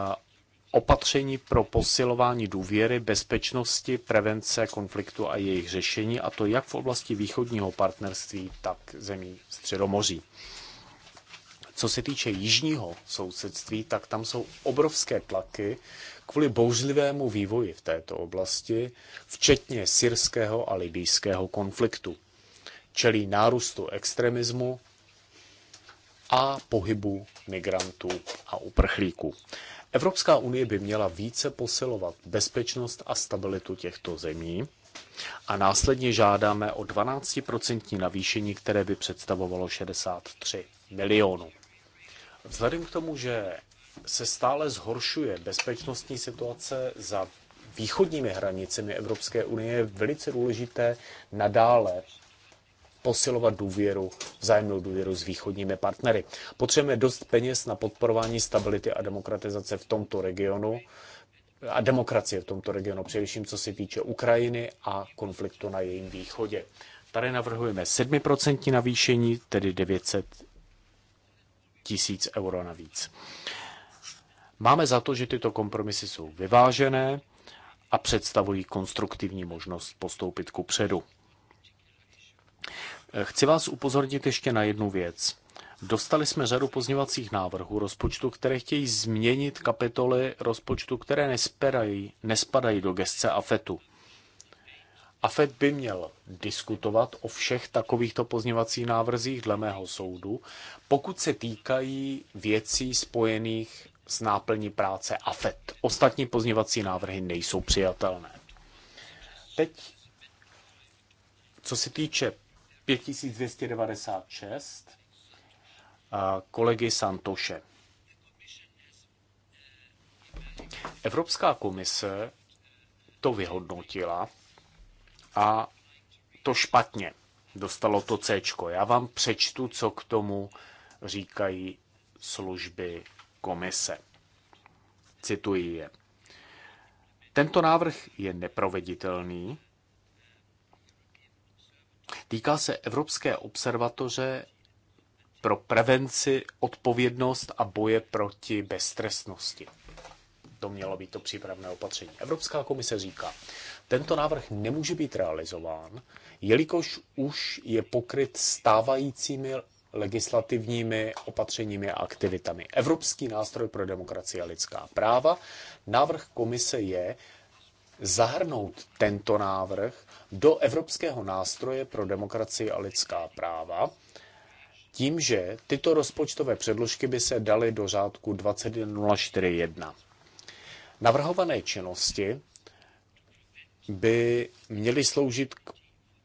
opatření pro posilování důvěry, bezpečnosti, prevence konfliktu a jejich řešení, a to jak v oblasti východního partnerství, tak zemí Středomoří. Co se týče jižního sousedství, tak tam jsou obrovské tlaky kvůli bouřlivému vývoji v této oblasti, včetně syrského a libijského konfliktu. Čelí nárůstu extremismu a pohybu migrantů a uprchlíků. Evropská unie by měla více posilovat bezpečnost a stabilitu těchto zemí a následně žádáme o 12% navýšení, které by představovalo 63 milionů. Vzhledem k tomu, že se stále zhoršuje. Bezpečnostní situace za východními hranicemi Evropské unie je velice důležité nadále posilovat důvěru, vzájemnou důvěru s východními partnery. Potřebujeme dost peněz na podporování stability a demokratizace v tomto regionu a demokracie v tomto regionu, především co se týče Ukrajiny a konfliktu na jejím východě. Tady navrhujeme 7% navýšení, tedy 900 tisíc euro navíc. Máme za to, že tyto kompromisy jsou vyvážené a představují konstruktivní možnost postoupit ku předu. Chci vás upozornit ještě na jednu věc. Dostali jsme řadu pozněvacích návrhů rozpočtu, které chtějí změnit kapitoly rozpočtu, které nespadají, nespadají do gesce AFETu. AFET by měl diskutovat o všech takovýchto pozněvacích návrzích dle mého soudu, pokud se týkají věcí spojených s náplní práce AFET. Ostatní pozněvací návrhy nejsou přijatelné. Teď, co se týče 5296 eh, kolegy Santoše. Evropská komise to vyhodnotila a to špatně. Dostalo to C. Já vám přečtu, co k tomu říkají služby komise. Cituji je. Tento návrh je neproveditelný. Týká se Evropské observatoře pro prevenci, odpovědnost a boje proti beztrestnosti. To mělo být to přípravné opatření. Evropská komise říká, tento návrh nemůže být realizován, jelikož už je pokryt stávajícími legislativními opatřeními a aktivitami. Evropský nástroj pro demokracii a lidská práva. Návrh komise je zahrnout tento návrh do Evropského nástroje pro demokracii a lidská práva, tím, že tyto rozpočtové předložky by se daly do řádku 21041. Navrhované činnosti by měly sloužit k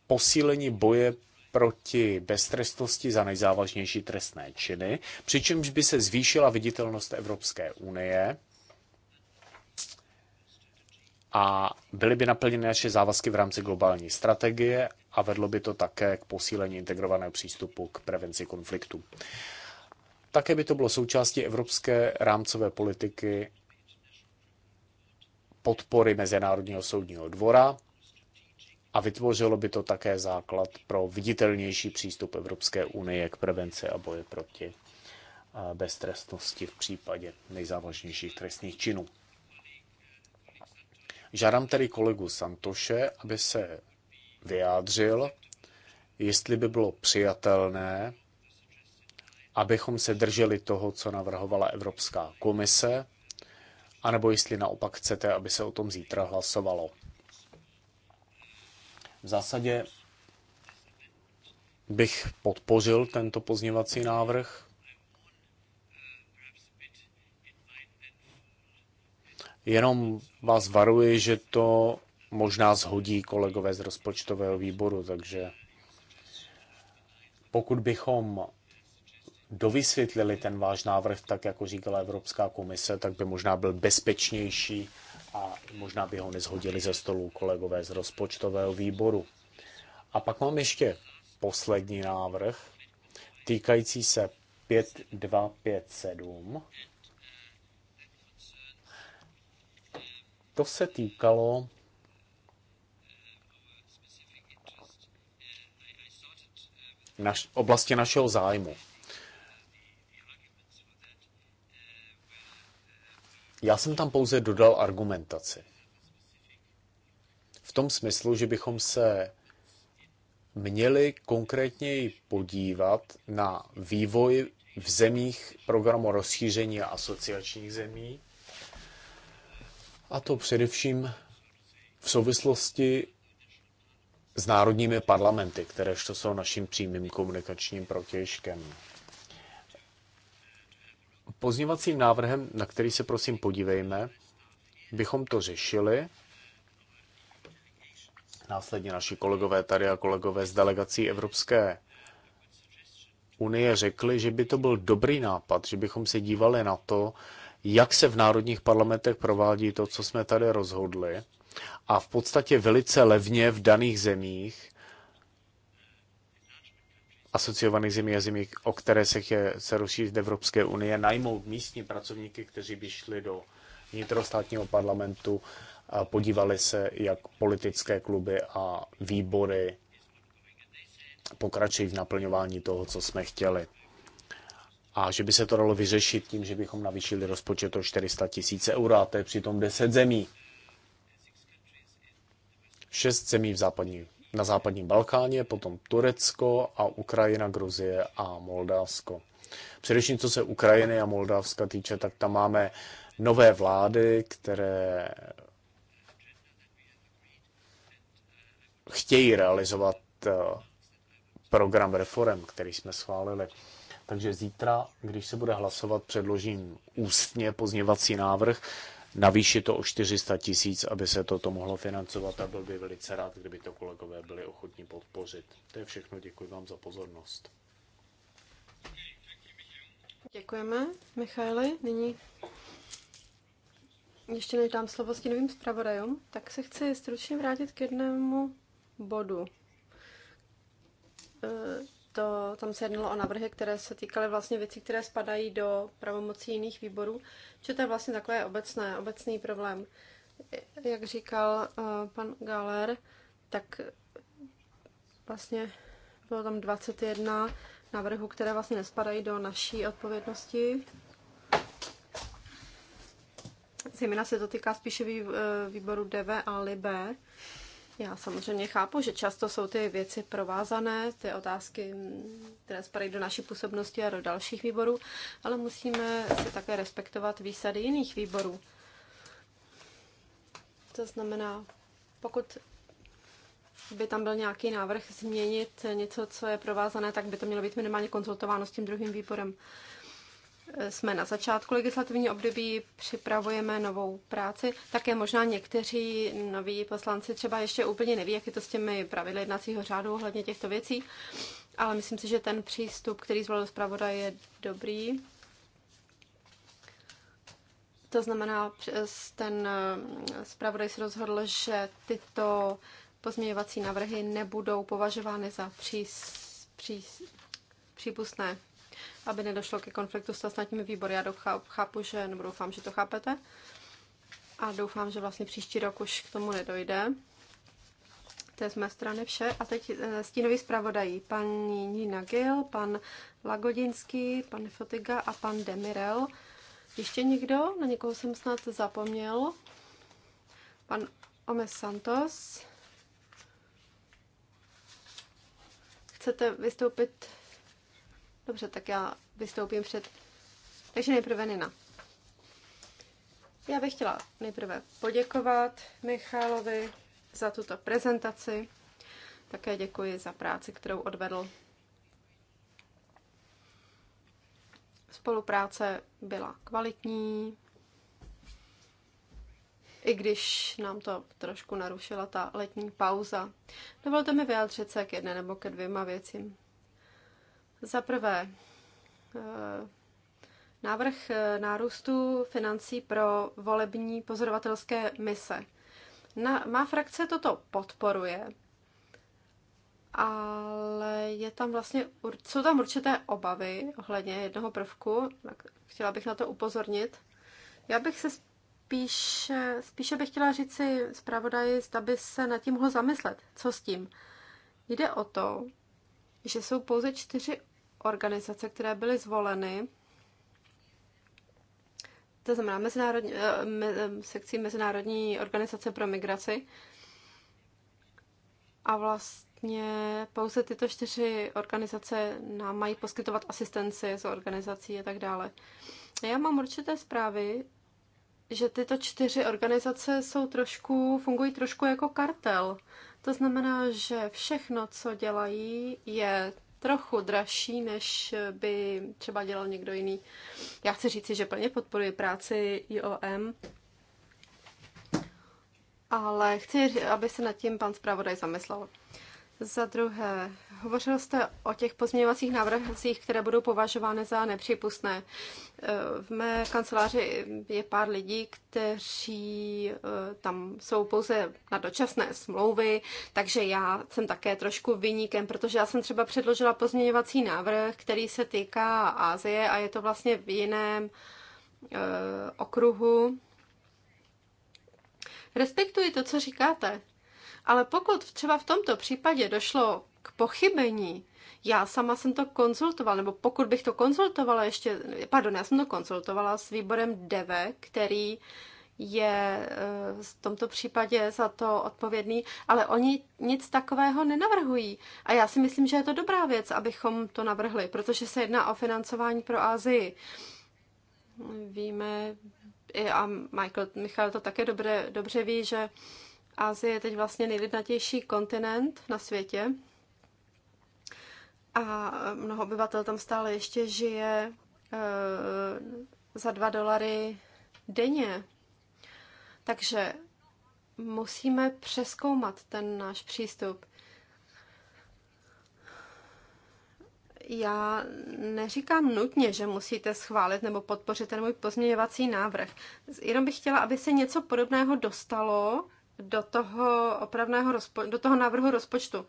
posílení boje proti beztrestnosti za nejzávažnější trestné činy, přičemž by se zvýšila viditelnost Evropské unie a byly by naplněny naše závazky v rámci globální strategie a vedlo by to také k posílení integrovaného přístupu k prevenci konfliktu. Také by to bylo součástí evropské rámcové politiky podpory Mezinárodního soudního dvora a vytvořilo by to také základ pro viditelnější přístup Evropské unie k prevenci a boje proti beztrestnosti v případě nejzávažnějších trestných činů. Žádám tedy kolegu Santoše, aby se vyjádřil, jestli by bylo přijatelné, abychom se drželi toho, co navrhovala Evropská komise, anebo jestli naopak chcete, aby se o tom zítra hlasovalo. V zásadě bych podpořil tento pozněvací návrh. Jenom vás varuji, že to možná zhodí kolegové z rozpočtového výboru, takže pokud bychom dovysvětlili ten váš návrh, tak jako říkala Evropská komise, tak by možná byl bezpečnější a možná by ho nezhodili ze stolu kolegové z rozpočtového výboru. A pak mám ještě poslední návrh, týkající se 5257. To se týkalo naš, oblasti našeho zájmu. Já jsem tam pouze dodal argumentaci. V tom smyslu, že bychom se měli konkrétněji podívat na vývoj v zemích programu rozšíření a asociačních zemí, a to především v souvislosti s národními parlamenty, kteréž to jsou naším přímým komunikačním protěžkem pozněvacím návrhem, na který se prosím podívejme, bychom to řešili. Následně naši kolegové tady a kolegové z delegací Evropské unie řekli, že by to byl dobrý nápad, že bychom se dívali na to, jak se v národních parlamentech provádí to, co jsme tady rozhodli. A v podstatě velice levně v daných zemích asociovaných zemí a zemí, o které se chce se rozšířit Evropské unie, najmout místní pracovníky, kteří by šli do vnitrostátního parlamentu a podívali se, jak politické kluby a výbory pokračují v naplňování toho, co jsme chtěli. A že by se to dalo vyřešit tím, že bychom navýšili rozpočet o 400 tisíc eur, a to je přitom 10 zemí. 6 zemí v západní na západním Balkáně, potom Turecko a Ukrajina, Gruzie a Moldávsko. Především co se Ukrajiny a Moldávska týče, tak tam máme nové vlády, které chtějí realizovat eh, program reform, který jsme schválili. Takže zítra, když se bude hlasovat, předložím ústně pozněvací návrh, navýšit to o 400 tisíc, aby se toto mohlo financovat a byl by velice rád, kdyby to kolegové byli ochotní podpořit. To je všechno, děkuji vám za pozornost. Děkujeme, Michaeli. Nyní ještě než dám slovo s novým zpravodajům, tak se chci stručně vrátit k jednému bodu eh, to, tam se jednalo o návrhy, které se týkaly vlastně věcí, které spadají do pravomocí jiných výborů, že to je vlastně takové obecné, obecný problém. Jak říkal uh, pan Galer, tak vlastně bylo tam 21 návrhů, které vlastně nespadají do naší odpovědnosti. Zejména se to týká spíše eh, výboru DV a LIBE, já samozřejmě chápu, že často jsou ty věci provázané, ty otázky, které spadají do naší působnosti a do dalších výborů, ale musíme si také respektovat výsady jiných výborů. To znamená, pokud by tam byl nějaký návrh změnit něco, co je provázané, tak by to mělo být minimálně konzultováno s tím druhým výborem jsme na začátku legislativního období, připravujeme novou práci, také možná někteří noví poslanci třeba ještě úplně neví, jak je to s těmi pravidly jednacího řádu ohledně těchto věcí, ale myslím si, že ten přístup, který zvolil zpravodaj, je dobrý. To znamená, ten eh, zpravodaj se rozhodl, že tyto pozměňovací návrhy nebudou považovány za přís, přís, přípustné aby nedošlo ke konfliktu s ostatními výbory. Já chápu, že, nebo doufám, že to chápete. A doufám, že vlastně příští rok už k tomu nedojde. To je z mé strany vše. A teď eh, stínový zpravodají. Paní Nina Gil, pan Lagodinský, pan Fotiga a pan Demirel. Ještě někdo? Na někoho jsem snad zapomněl. Pan Omes Santos. Chcete vystoupit Dobře, tak já vystoupím před... Takže nejprve Nina. Já bych chtěla nejprve poděkovat Michálovi za tuto prezentaci. Také děkuji za práci, kterou odvedl. Spolupráce byla kvalitní, i když nám to trošku narušila ta letní pauza. Dovolte mi vyjádřit se k jedné nebo ke dvěma věcím. Za prvé, eh, návrh eh, nárůstu financí pro volební pozorovatelské mise. Na, má frakce toto podporuje, ale je tam vlastně, jsou tam určité obavy ohledně jednoho prvku, chtěla bych na to upozornit. Já bych se spíše, spíše bych chtěla říct si zpravodaji, zda by se nad tím mohl zamyslet. Co s tím? Jde o to, že jsou pouze čtyři organizace, které byly zvoleny, to znamená mezinárodní, eh, me, eh, sekcí Mezinárodní organizace pro migraci. A vlastně pouze tyto čtyři organizace nám mají poskytovat asistenci z organizací a tak dále. Já mám určité zprávy, že tyto čtyři organizace jsou trošku, fungují trošku jako kartel. Uh, to znamená, že všechno, co dělají, je trochu dražší, než by třeba dělal někdo jiný. Já chci říci, že plně podporuji práci IOM, ale chci, aby se nad tím pan zpravodaj zamyslel. Za druhé, hovořil jste o těch pozměňovacích návrhcích, které budou považovány za nepřípustné. E, v mé kanceláři je pár lidí, kteří e, tam jsou pouze na dočasné smlouvy, takže já jsem také trošku vyníkem, protože já jsem třeba předložila pozměňovací návrh, který se týká Asie a je to vlastně v jiném e, okruhu. Respektuji to, co říkáte, ale pokud třeba v tomto případě došlo k pochybení, já sama jsem to konzultovala, nebo pokud bych to konzultovala ještě, pardon, já jsem to konzultovala s výborem DEVE, který je eh, v tomto případě za to odpovědný, ale oni nic takového nenavrhují. A já si myslím, že je to dobrá věc, abychom to navrhli, protože se jedná o financování pro Asii. Víme, a Michael, Michal to také dobře, dobře ví, že Asie je teď vlastně nejlidnatější kontinent na světě a mnoho obyvatel tam stále ještě žije eh, za 2 dolary denně. Takže musíme přeskoumat ten náš přístup. Já neříkám nutně, že musíte schválit nebo podpořit ten můj pozměňovací návrh. Jenom bych chtěla, aby se něco podobného dostalo do toho opravného rozpo- do toho návrhu rozpočtu,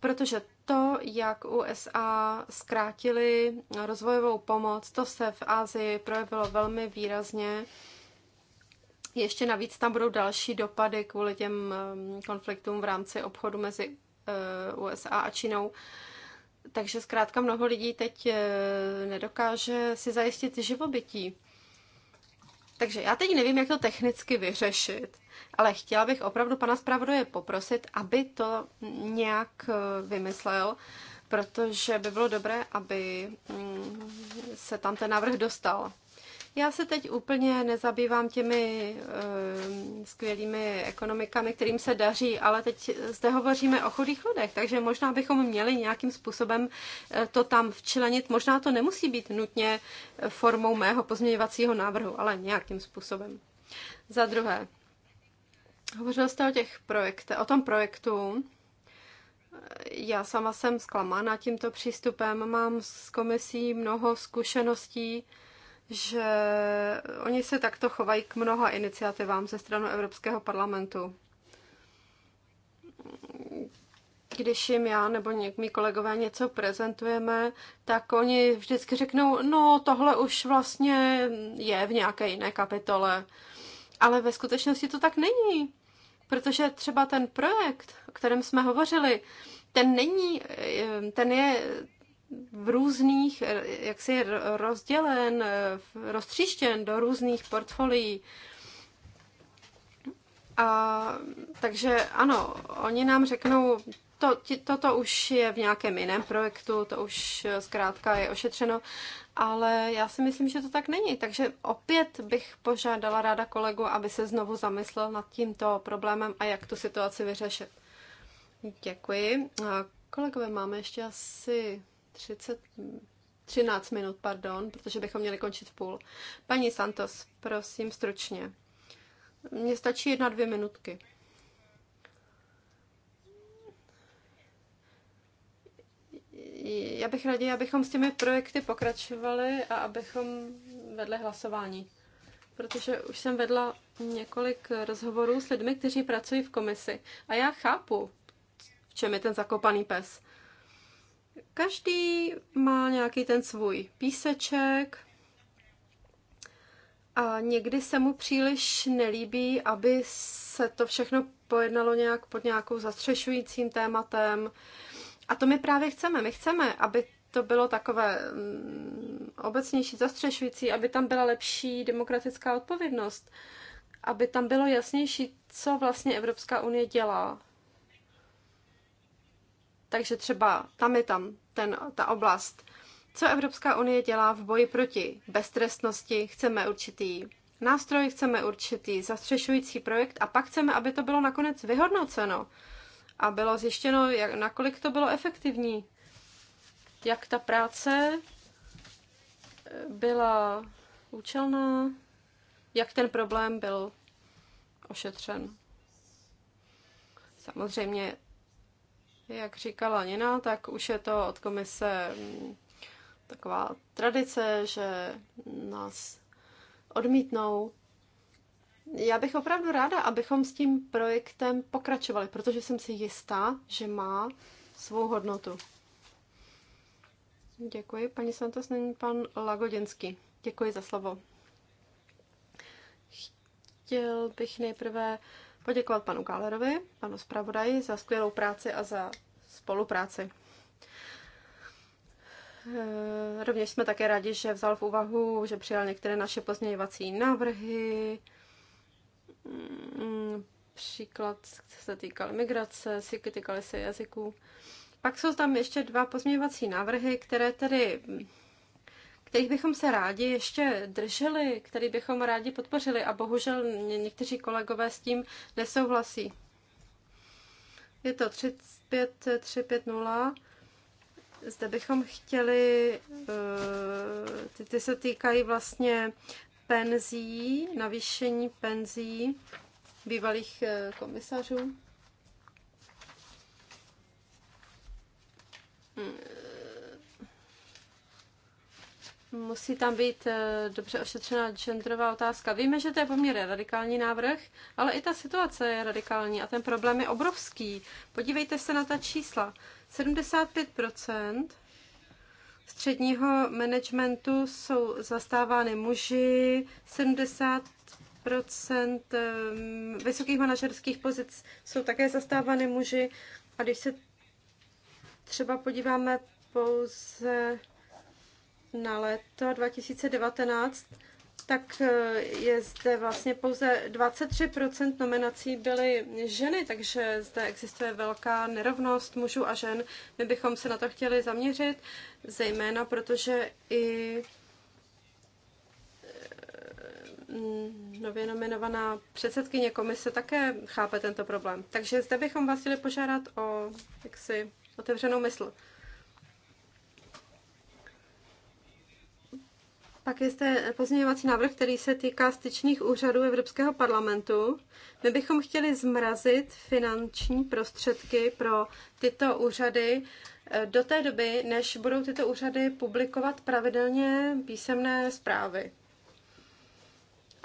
protože to, jak USA zkrátili rozvojovou pomoc, to se v Ázii projevilo velmi výrazně. Ještě navíc tam budou další dopady kvůli těm um, konfliktům v rámci obchodu mezi USA uh, a Čínou. Takže zkrátka mnoho lidí teď uh, nedokáže si zajistit živobytí. Takže já teď nevím, jak to technicky vyřešit, ale chtěla bych opravdu pana zpravodaje poprosit, aby to nějak eh, vymyslel, protože by bylo dobré, aby mm, se tam ten návrh dostal. Já se teď úplně nezabývám těmi uh, skvělými ekonomikami, kterým se daří, ale teď zde hovoříme o chudých lidech, takže možná bychom měli nějakým způsobem eh, to tam včlenit. Možná to nemusí být nutně eh, formou mého pozměňovacího návrhu, ale nějakým způsobem. Za druhé, hovořil jste o těch projektech, o tom projektu, já sama jsem zklamána tímto přístupem, mám s komisí mnoho zkušeností, že oni se takto chovají k mnoha iniciativám ze strany Evropského parlamentu. Když jim já nebo něk, mý kolegové něco prezentujeme, tak oni vždycky řeknou, no tohle už vlastně je v nějaké jiné kapitole. Ale ve skutečnosti to tak není. Protože třeba ten projekt, o kterém jsme hovořili, ten není, eh, ten je v různých, eh, jak si rozdělen, eh, roztříštěn do různých portfolií. A, takže ano, oni nám řeknou, to, toto už je v nějakém jiném projektu, to už eh, zkrátka je ošetřeno, ale já si myslím, že to tak není. Takže opět bych požádala ráda kolegu, aby se znovu zamyslel nad tímto problémem a jak tu situaci vyřešit. Děkuji. kolegové, máme ještě asi 30, 13 minut, pardon, protože bychom měli končit v půl. Paní Santos, prosím stručně. Mně stačí jedna, dvě minutky. Já bych raději, abychom s těmi projekty pokračovali a abychom vedli hlasování. Protože už jsem vedla několik rozhovorů s lidmi, kteří pracují v komisi. A já chápu, v čem je ten zakopaný pes. Každý má nějaký ten svůj píseček a někdy se mu příliš nelíbí, aby se to všechno pojednalo nějak pod nějakou zastřešujícím tématem. A to my právě chceme. My chceme, aby to bylo takové mm, obecnější, zastřešující, aby tam byla lepší demokratická odpovědnost, aby tam bylo jasnější, co vlastně Evropská unie dělá. Takže třeba tam je tam ten, ta oblast. Co Evropská unie dělá v boji proti beztrestnosti? Chceme určitý nástroj, chceme určitý zastřešující projekt a pak chceme, aby to bylo nakonec vyhodnoceno a bylo zjištěno, jak, nakolik to bylo efektivní, jak ta práce eh, byla účelná, jak ten problém byl ošetřen. Samozřejmě jak říkala Nina, tak už je to od komise mm, taková tradice, že nás odmítnou. Já bych opravdu ráda, abychom s tím projektem pokračovali, protože jsem si jistá, že má svou hodnotu. Děkuji, paní Santos, není pan Lagodinský. Děkuji za slovo. Chtěl bych nejprve poděkovat panu Kálerovi, panu zpravodaji za skvělou práci a za spolupráci. Eh, rovněž jsme také rádi, že vzal v úvahu, že přijal některé naše pozměňovací návrhy, mm, příklad, co se týkal migrace, týkaly se jazyků. Pak jsou tam ještě dva pozměňovací návrhy, které tedy kterých bychom se rádi ještě drželi, který bychom rádi podpořili a bohužel někteří kolegové s tím nesouhlasí. Je to 35350. Zde bychom chtěli, eh, ty, ty se týkají vlastně penzí, navýšení penzí bývalých eh, komisařů hmm musí tam být eh, dobře ošetřena genderová otázka. Víme, že to je poměrně radikální návrh, ale i ta situace je radikální a ten problém je obrovský. Podívejte se na ta čísla. 75% středního managementu jsou zastávány muži, 70% eh, vysokých manažerských pozic jsou také zastávány muži. A když se třeba podíváme pouze na léto 2019, tak e, je zde vlastně pouze 23% nominací byly ženy, takže zde existuje velká nerovnost mužů a žen. My bychom se na to chtěli zaměřit, zejména protože i e, mm, nově nominovaná předsedkyně komise také chápe tento problém. Takže zde bychom vás chtěli požádat o jaksi otevřenou mysl. Pak je zde pozměňovací návrh, který se týká styčných úřadů Evropského parlamentu. My bychom chtěli zmrazit finanční prostředky pro tyto úřady eh, do té doby, než budou tyto úřady publikovat pravidelně písemné zprávy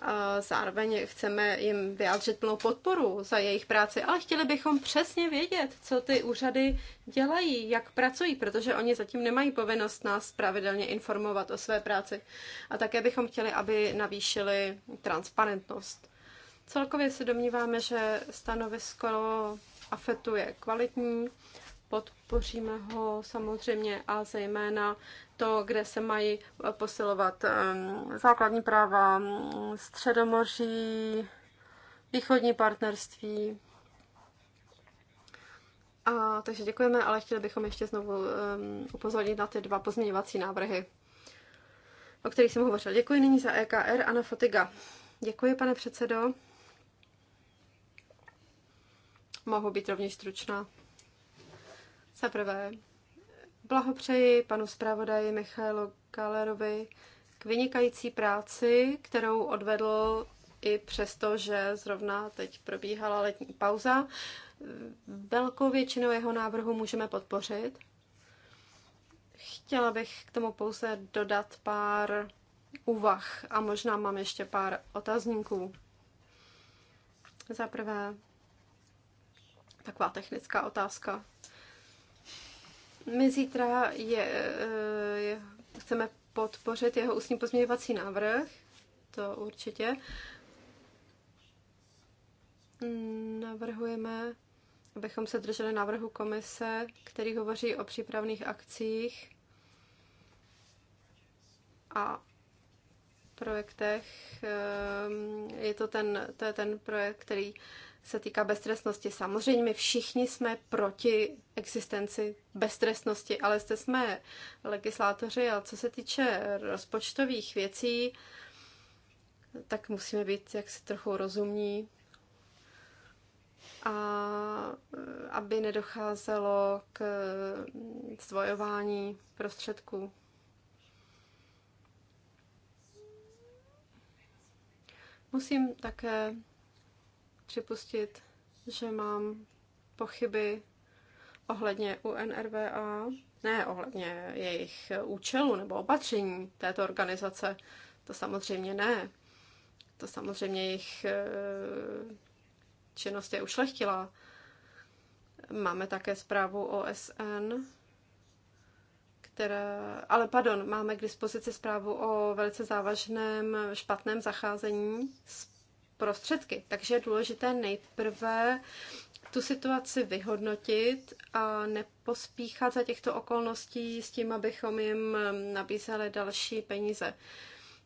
a zároveň chceme jim vyjádřit plnou podporu za jejich práci, ale chtěli bychom přesně vědět, co ty úřady dělají, jak pracují, protože oni zatím nemají povinnost nás pravidelně informovat o své práci. A také bychom chtěli, aby navýšili transparentnost. Celkově se domníváme, že stanovisko AFETu je kvalitní podpoříme ho samozřejmě a zejména to, kde se mají posilovat základní práva středomoří, východní partnerství. A, takže děkujeme, ale chtěli bychom ještě znovu um, upozornit na ty dva pozměňovací návrhy, o kterých jsem hovořila. Děkuji nyní za EKR a na Fotiga. Děkuji, pane předsedo. Mohu být rovněž stručná. Za prvé, blahopřeji panu zpravodaji Michailu Kalerovi k vynikající práci, kterou odvedl i přesto, že zrovna teď probíhala letní pauza. Velkou většinu jeho návrhu můžeme podpořit. Chtěla bych k tomu pouze dodat pár úvah a možná mám ještě pár otazníků. Za prvé, taková technická otázka. My zítra je, eh, je, chceme podpořit jeho ústní pozměňovací návrh, to určitě. Navrhujeme, abychom se drželi návrhu komise, který hovoří o přípravných akcích a projektech. Ehm, je to ten, to je ten projekt, který se týká beztrestnosti. Samozřejmě my všichni jsme proti existenci beztrestnosti, ale jste jsme legislátoři a co se týče rozpočtových věcí, tak musíme být jaksi trochu rozumní a aby nedocházelo k zdvojování prostředků. Musím také připustit, že mám pochyby ohledně UNRWA, ne ohledně jejich účelu nebo opatření této organizace, to samozřejmě ne. To samozřejmě jejich eh, činnost je ušlechtila. Máme také zprávu OSN, která, ale pardon, máme k dispozici zprávu o velice závažném špatném zacházení s prostředky. Takže je důležité nejprve tu situaci vyhodnotit a nepospíchat za těchto okolností s tím, abychom jim nabízeli další peníze.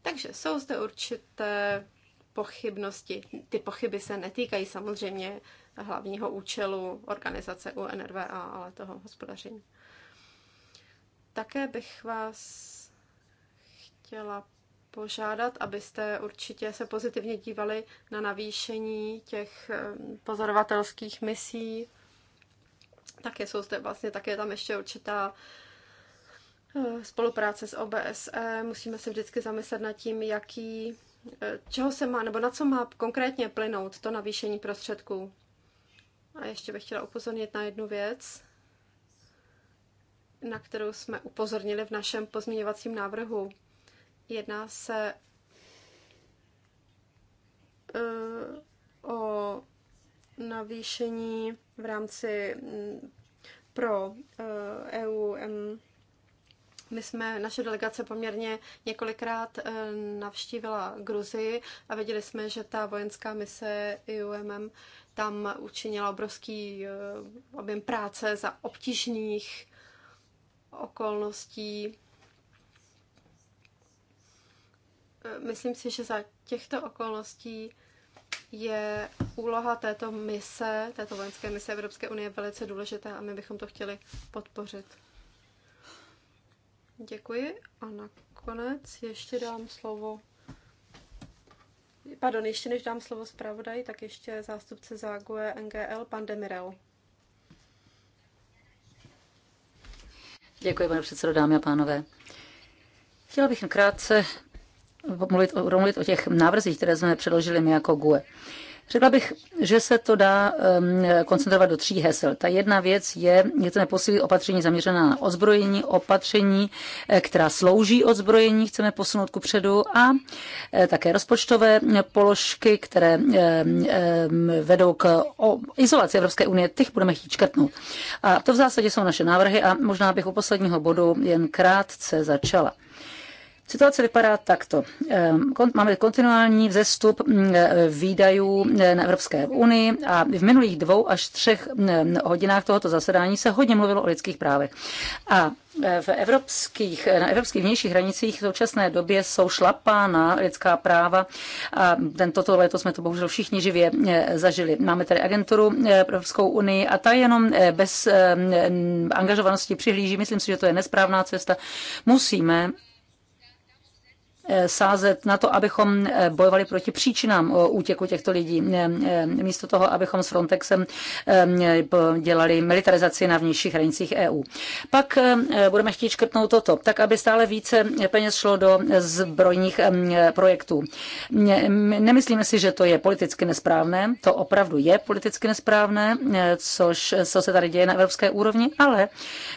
Takže jsou zde určité pochybnosti. Ty pochyby se netýkají samozřejmě hlavního účelu organizace UNRWA, ale toho hospodaření. Také bych vás chtěla požádat, abyste určitě se pozitivně dívali na navýšení těch pozorovatelských misí. Také jsou zde vlastně, také tam ještě určitá eh, spolupráce s OBSE. Musíme se vždycky zamyslet nad tím, jaký, eh, čeho se má, nebo na co má konkrétně plynout to navýšení prostředků. A ještě bych chtěla upozornit na jednu věc, na kterou jsme upozornili v našem pozměňovacím návrhu Jedná se eh, o navýšení v rámci mm, pro EU. Eh, e My jsme, naše delegace poměrně několikrát eh, navštívila Gruzii a viděli jsme, že ta vojenská mise EUMM tam učinila obrovský objem práce za obtížných okolností. myslím si, že za těchto okolností je úloha této mise, této vojenské mise Evropské unie velice důležitá a my bychom to chtěli podpořit. Děkuji a nakonec ještě dám slovo. Pardon, ještě než dám slovo zpravodaj, tak ještě zástupce Zágue NGL, pan Demirel. Děkuji, pane předsedo, dámy a pánové. Chtěla bych krátce mluvit, mluvit o těch návrzích, které jsme předložili my jako GUE. Řekla bych, že se to dá um, koncentrovat do tří hesel. Ta jedna věc je, je to neposílí opatření zaměřená na ozbrojení, opatření, eh, která slouží odzbrojení, chceme posunout ku předu a eh, také rozpočtové položky, které e, e, vedou k o, izolaci Evropské unie, těch budeme chtít škrtnout. A to v zásadě jsou naše návrhy a možná bych u posledního bodu jen krátce začala. Situace vypadá takto. Ehm, máme kontinuální vzestup mm, e, výdajů e, na Evropské unii a v minulých dvou až třech mm, e, hodinách tohoto zasedání se hodně mluvilo o lidských právech. A v evropských, na evropských vnějších hranicích v současné době jsou šlapána lidská práva a tento leto jsme to bohužel všichni živě zažili. Máme tady agenturu Evropskou unii a ta jenom bez angažovanosti přihlíží. Myslím si, že to je nesprávná cesta. Musíme Eh, sázet na to, abychom eh, bojovali proti příčinám eh, útěku těchto lidí. Místo toho, abychom s Frontexem dělali militarizaci na vnějších hranicích EU. Pak budeme chtít škrtnout toto, tak aby stále více peněz šlo do zbrojních projektů. Nemyslíme si, že to je politicky nesprávné, to opravdu je politicky nesprávné, což co se tady děje na evropské úrovni, ale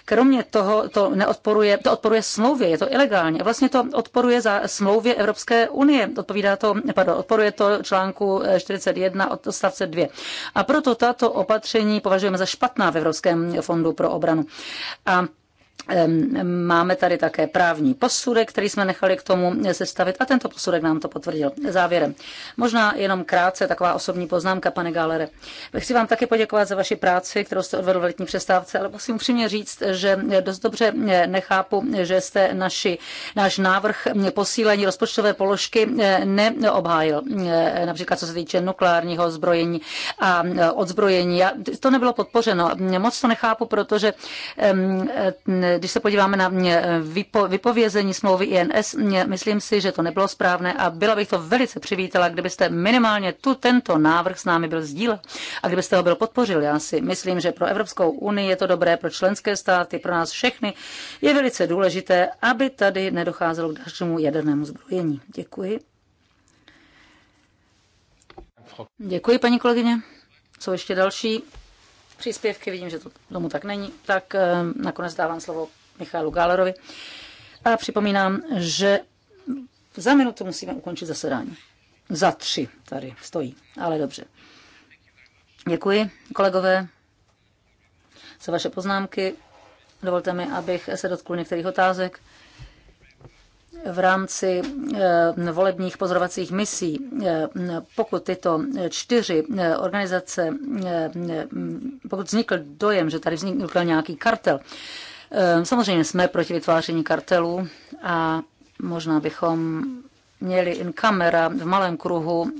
kromě toho to neodporuje, to odporuje smlouvě, je to ilegální vlastně to odporuje za smlouvě Evropské unie. Odpovídá to, pardon, odporuje to článku 41 od odstavce 2. A proto tato opatření považujeme za špatná v Evropském fondu pro obranu. A Máme tady také právní posudek, který jsme nechali k tomu sestavit a tento posudek nám to potvrdil. Závěrem. Možná jenom krátce taková osobní poznámka, pane Galere. Chci vám také poděkovat za vaši práci, kterou jste odvedl v letní přestávce, ale musím upřímně říct, že dost dobře nechápu, že jste naši, náš návrh posílení rozpočtové položky neobhájil. Například co se týče nukleárního zbrojení a odzbrojení. To nebylo podpořeno. Moc to nechápu, protože když se podíváme na eh, vypo, vypovězení smlouvy INS, myslím si, že to nebylo správné a byla bych to velice přivítala, kdybyste minimálně tu tento návrh s námi byl sdílel a kdybyste ho byl podpořil. Já si myslím, že pro Evropskou unii je to dobré, pro členské státy, pro nás všechny je velice důležité, aby tady nedocházelo k dalšímu jadernému zbrojení. Děkuji. Děkuji, paní kolegyně. Jsou ještě další? příspěvky, vidím, že to tomu tak není, tak eh, nakonec dávám slovo Michalu Gálerovi. A připomínám, že za minutu musíme ukončit zasedání. Za tři tady stojí, ale dobře. Děkuji, kolegové, za vaše poznámky. Dovolte mi, abych se dotkl některých otázek v rámci eh, volebních pozorovacích misí, eh, pokud tyto čtyři eh, organizace, pokud vznikl dojem, že tady vznikl nějaký kartel, samozřejmě jsme proti vytváření kartelů a možná bychom měli in kamera v malém kruhu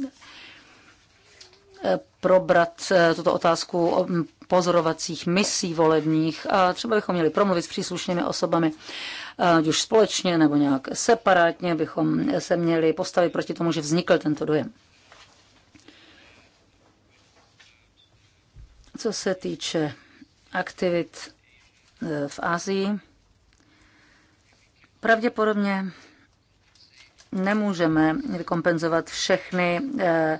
probrat tuto otázku o hm, pozorovacích misí volebních a třeba bychom měli promluvit s příslušnými osobami ať už společně nebo nějak separátně bychom se měli postavit proti tomu, že vznikl tento dojem. Co se týče aktivit e, v Asii, pravděpodobně nemůžeme vykompenzovat všechny e,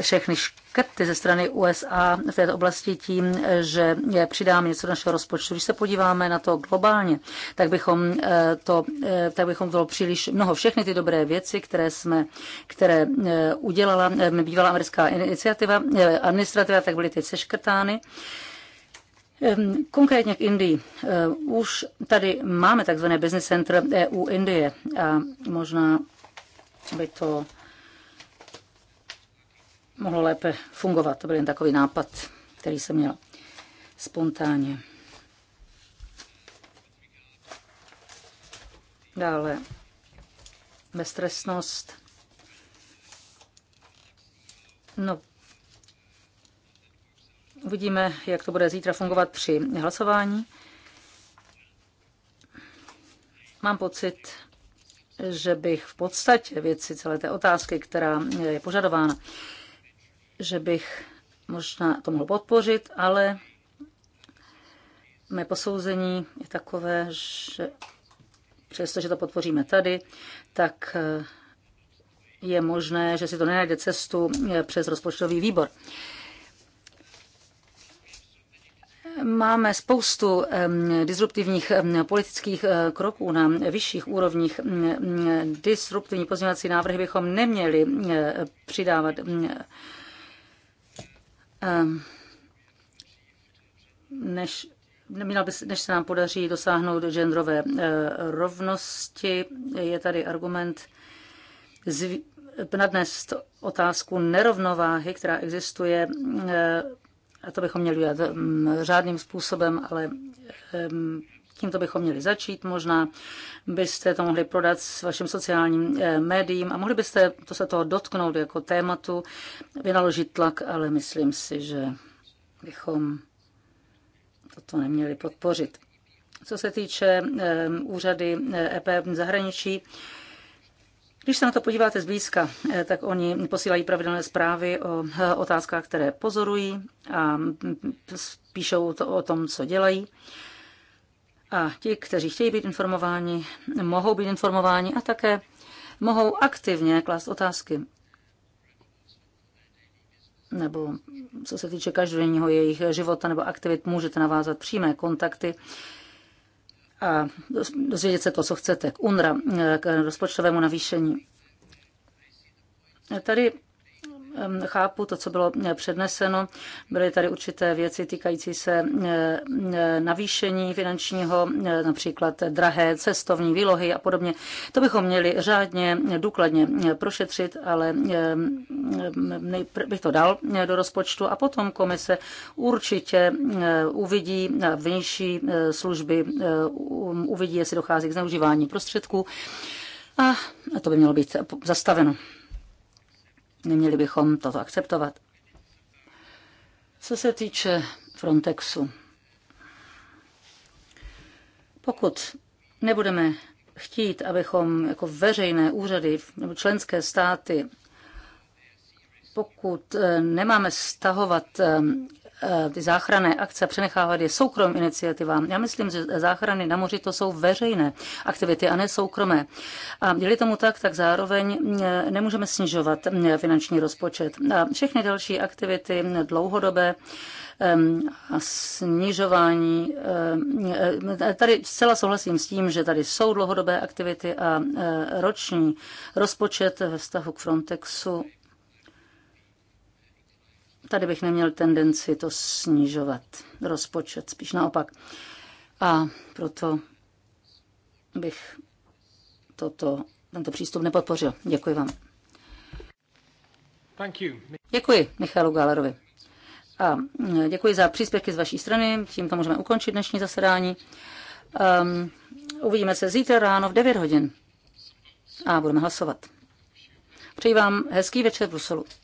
všechny škrty ze strany USA v této oblasti tím, že přidáme něco do našeho rozpočtu. Když se podíváme na to globálně, tak bychom eh, to, eh, tak bychom to příliš mnoho všechny ty dobré věci, které jsme, které eh, udělala bývalá americká iniciativa, administrativa, tak byly teď seškrtány. Ehm, konkrétně k Indii. Už tady máme takzvané business center EU Indie a možná by to mohlo lépe fungovat. To byl jen takový nápad, který jsem měla spontánně. Dále bezstresnost. No, uvidíme, jak to bude zítra fungovat při hlasování. Mám pocit, že bych v podstatě věci celé té otázky, která je požadována, že bych možná to mohl podpořit, ale mé posouzení je takové, že přestože to podpoříme tady, tak eh, je možné, že si to nenajde cestu eh, přes rozpočtový výbor. Máme spoustu disruptivních politických eh, kroků na vyšších úrovních. Disruptivní pozměňovací návrhy bychom neměli přidávat Ehm, než Neměla by, než se nám podaří dosáhnout genderové eh, rovnosti, je tady argument zv, nadnést otázku nerovnováhy, která existuje, eh, a to bychom měli dělat mm, řádným způsobem, ale ehm, Tímto bychom měli začít. Možná byste to mohli prodat s vašim sociálním eh, médiím a mohli byste to se toho dotknout jako tématu, vynaložit tlak, ale myslím si, že bychom toto neměli podpořit. Co se týče eh, úřady EP eh, e zahraničí, když se na to podíváte zblízka, tak oni posílají pravidelné zprávy o otázkách, které pozorují a mm, mm, píšou to o tom, co dělají. A ti, kteří chtějí být informováni, mohou být informováni a také mohou aktivně klást otázky. Nebo co se týče každodenního jejich života nebo aktivit, můžete navázat přímé kontakty a dozvědět se to, co chcete k UNRA, k rozpočtovému navýšení. Tady chápu to, co bylo eh, předneseno. Byly tady určité věci týkající se eh, eh, navýšení finančního, například drahé cestovní výlohy a podobně. To bychom měli řádně, důkladně prošetřit, ale bych to dal do rozpočtu a potom komise určitě uvidí vnější služby, um, uvidí, jestli dochází k zneužívání prostředků a to by mělo být zastaveno. Neměli bychom toto akceptovat. Co se týče Frontexu, pokud nebudeme chtít, abychom jako veřejné úřady nebo členské státy, pokud eh, nemáme stahovat eh, Eh, ty záchranné akce přenechávat je soukrom iniciativám. Já myslím, že záchrany na moři to jsou veřejné aktivity a ne soukromé. A je tomu tak, tak zároveň eh, nemůžeme snižovat eh, finanční rozpočet. A všechny další aktivity dlouhodobé ehm, a snižování. Ehm, tady zcela souhlasím s tím, že tady jsou dlouhodobé aktivity a roční rozpočet ve vztahu k Frontexu tady bych neměl tendenci to snižovat, rozpočet, spíš naopak. A proto bych toto, tento přístup nepodpořil. Děkuji vám. Děkuji Michalu Galerovi. A mm, děkuji za příspěvky z vaší strany. Tímto můžeme ukončit dnešní zasedání. Um, uvidíme se zítra ráno v 9 hodin a budeme hlasovat. Přeji vám hezký večer v Bruselu.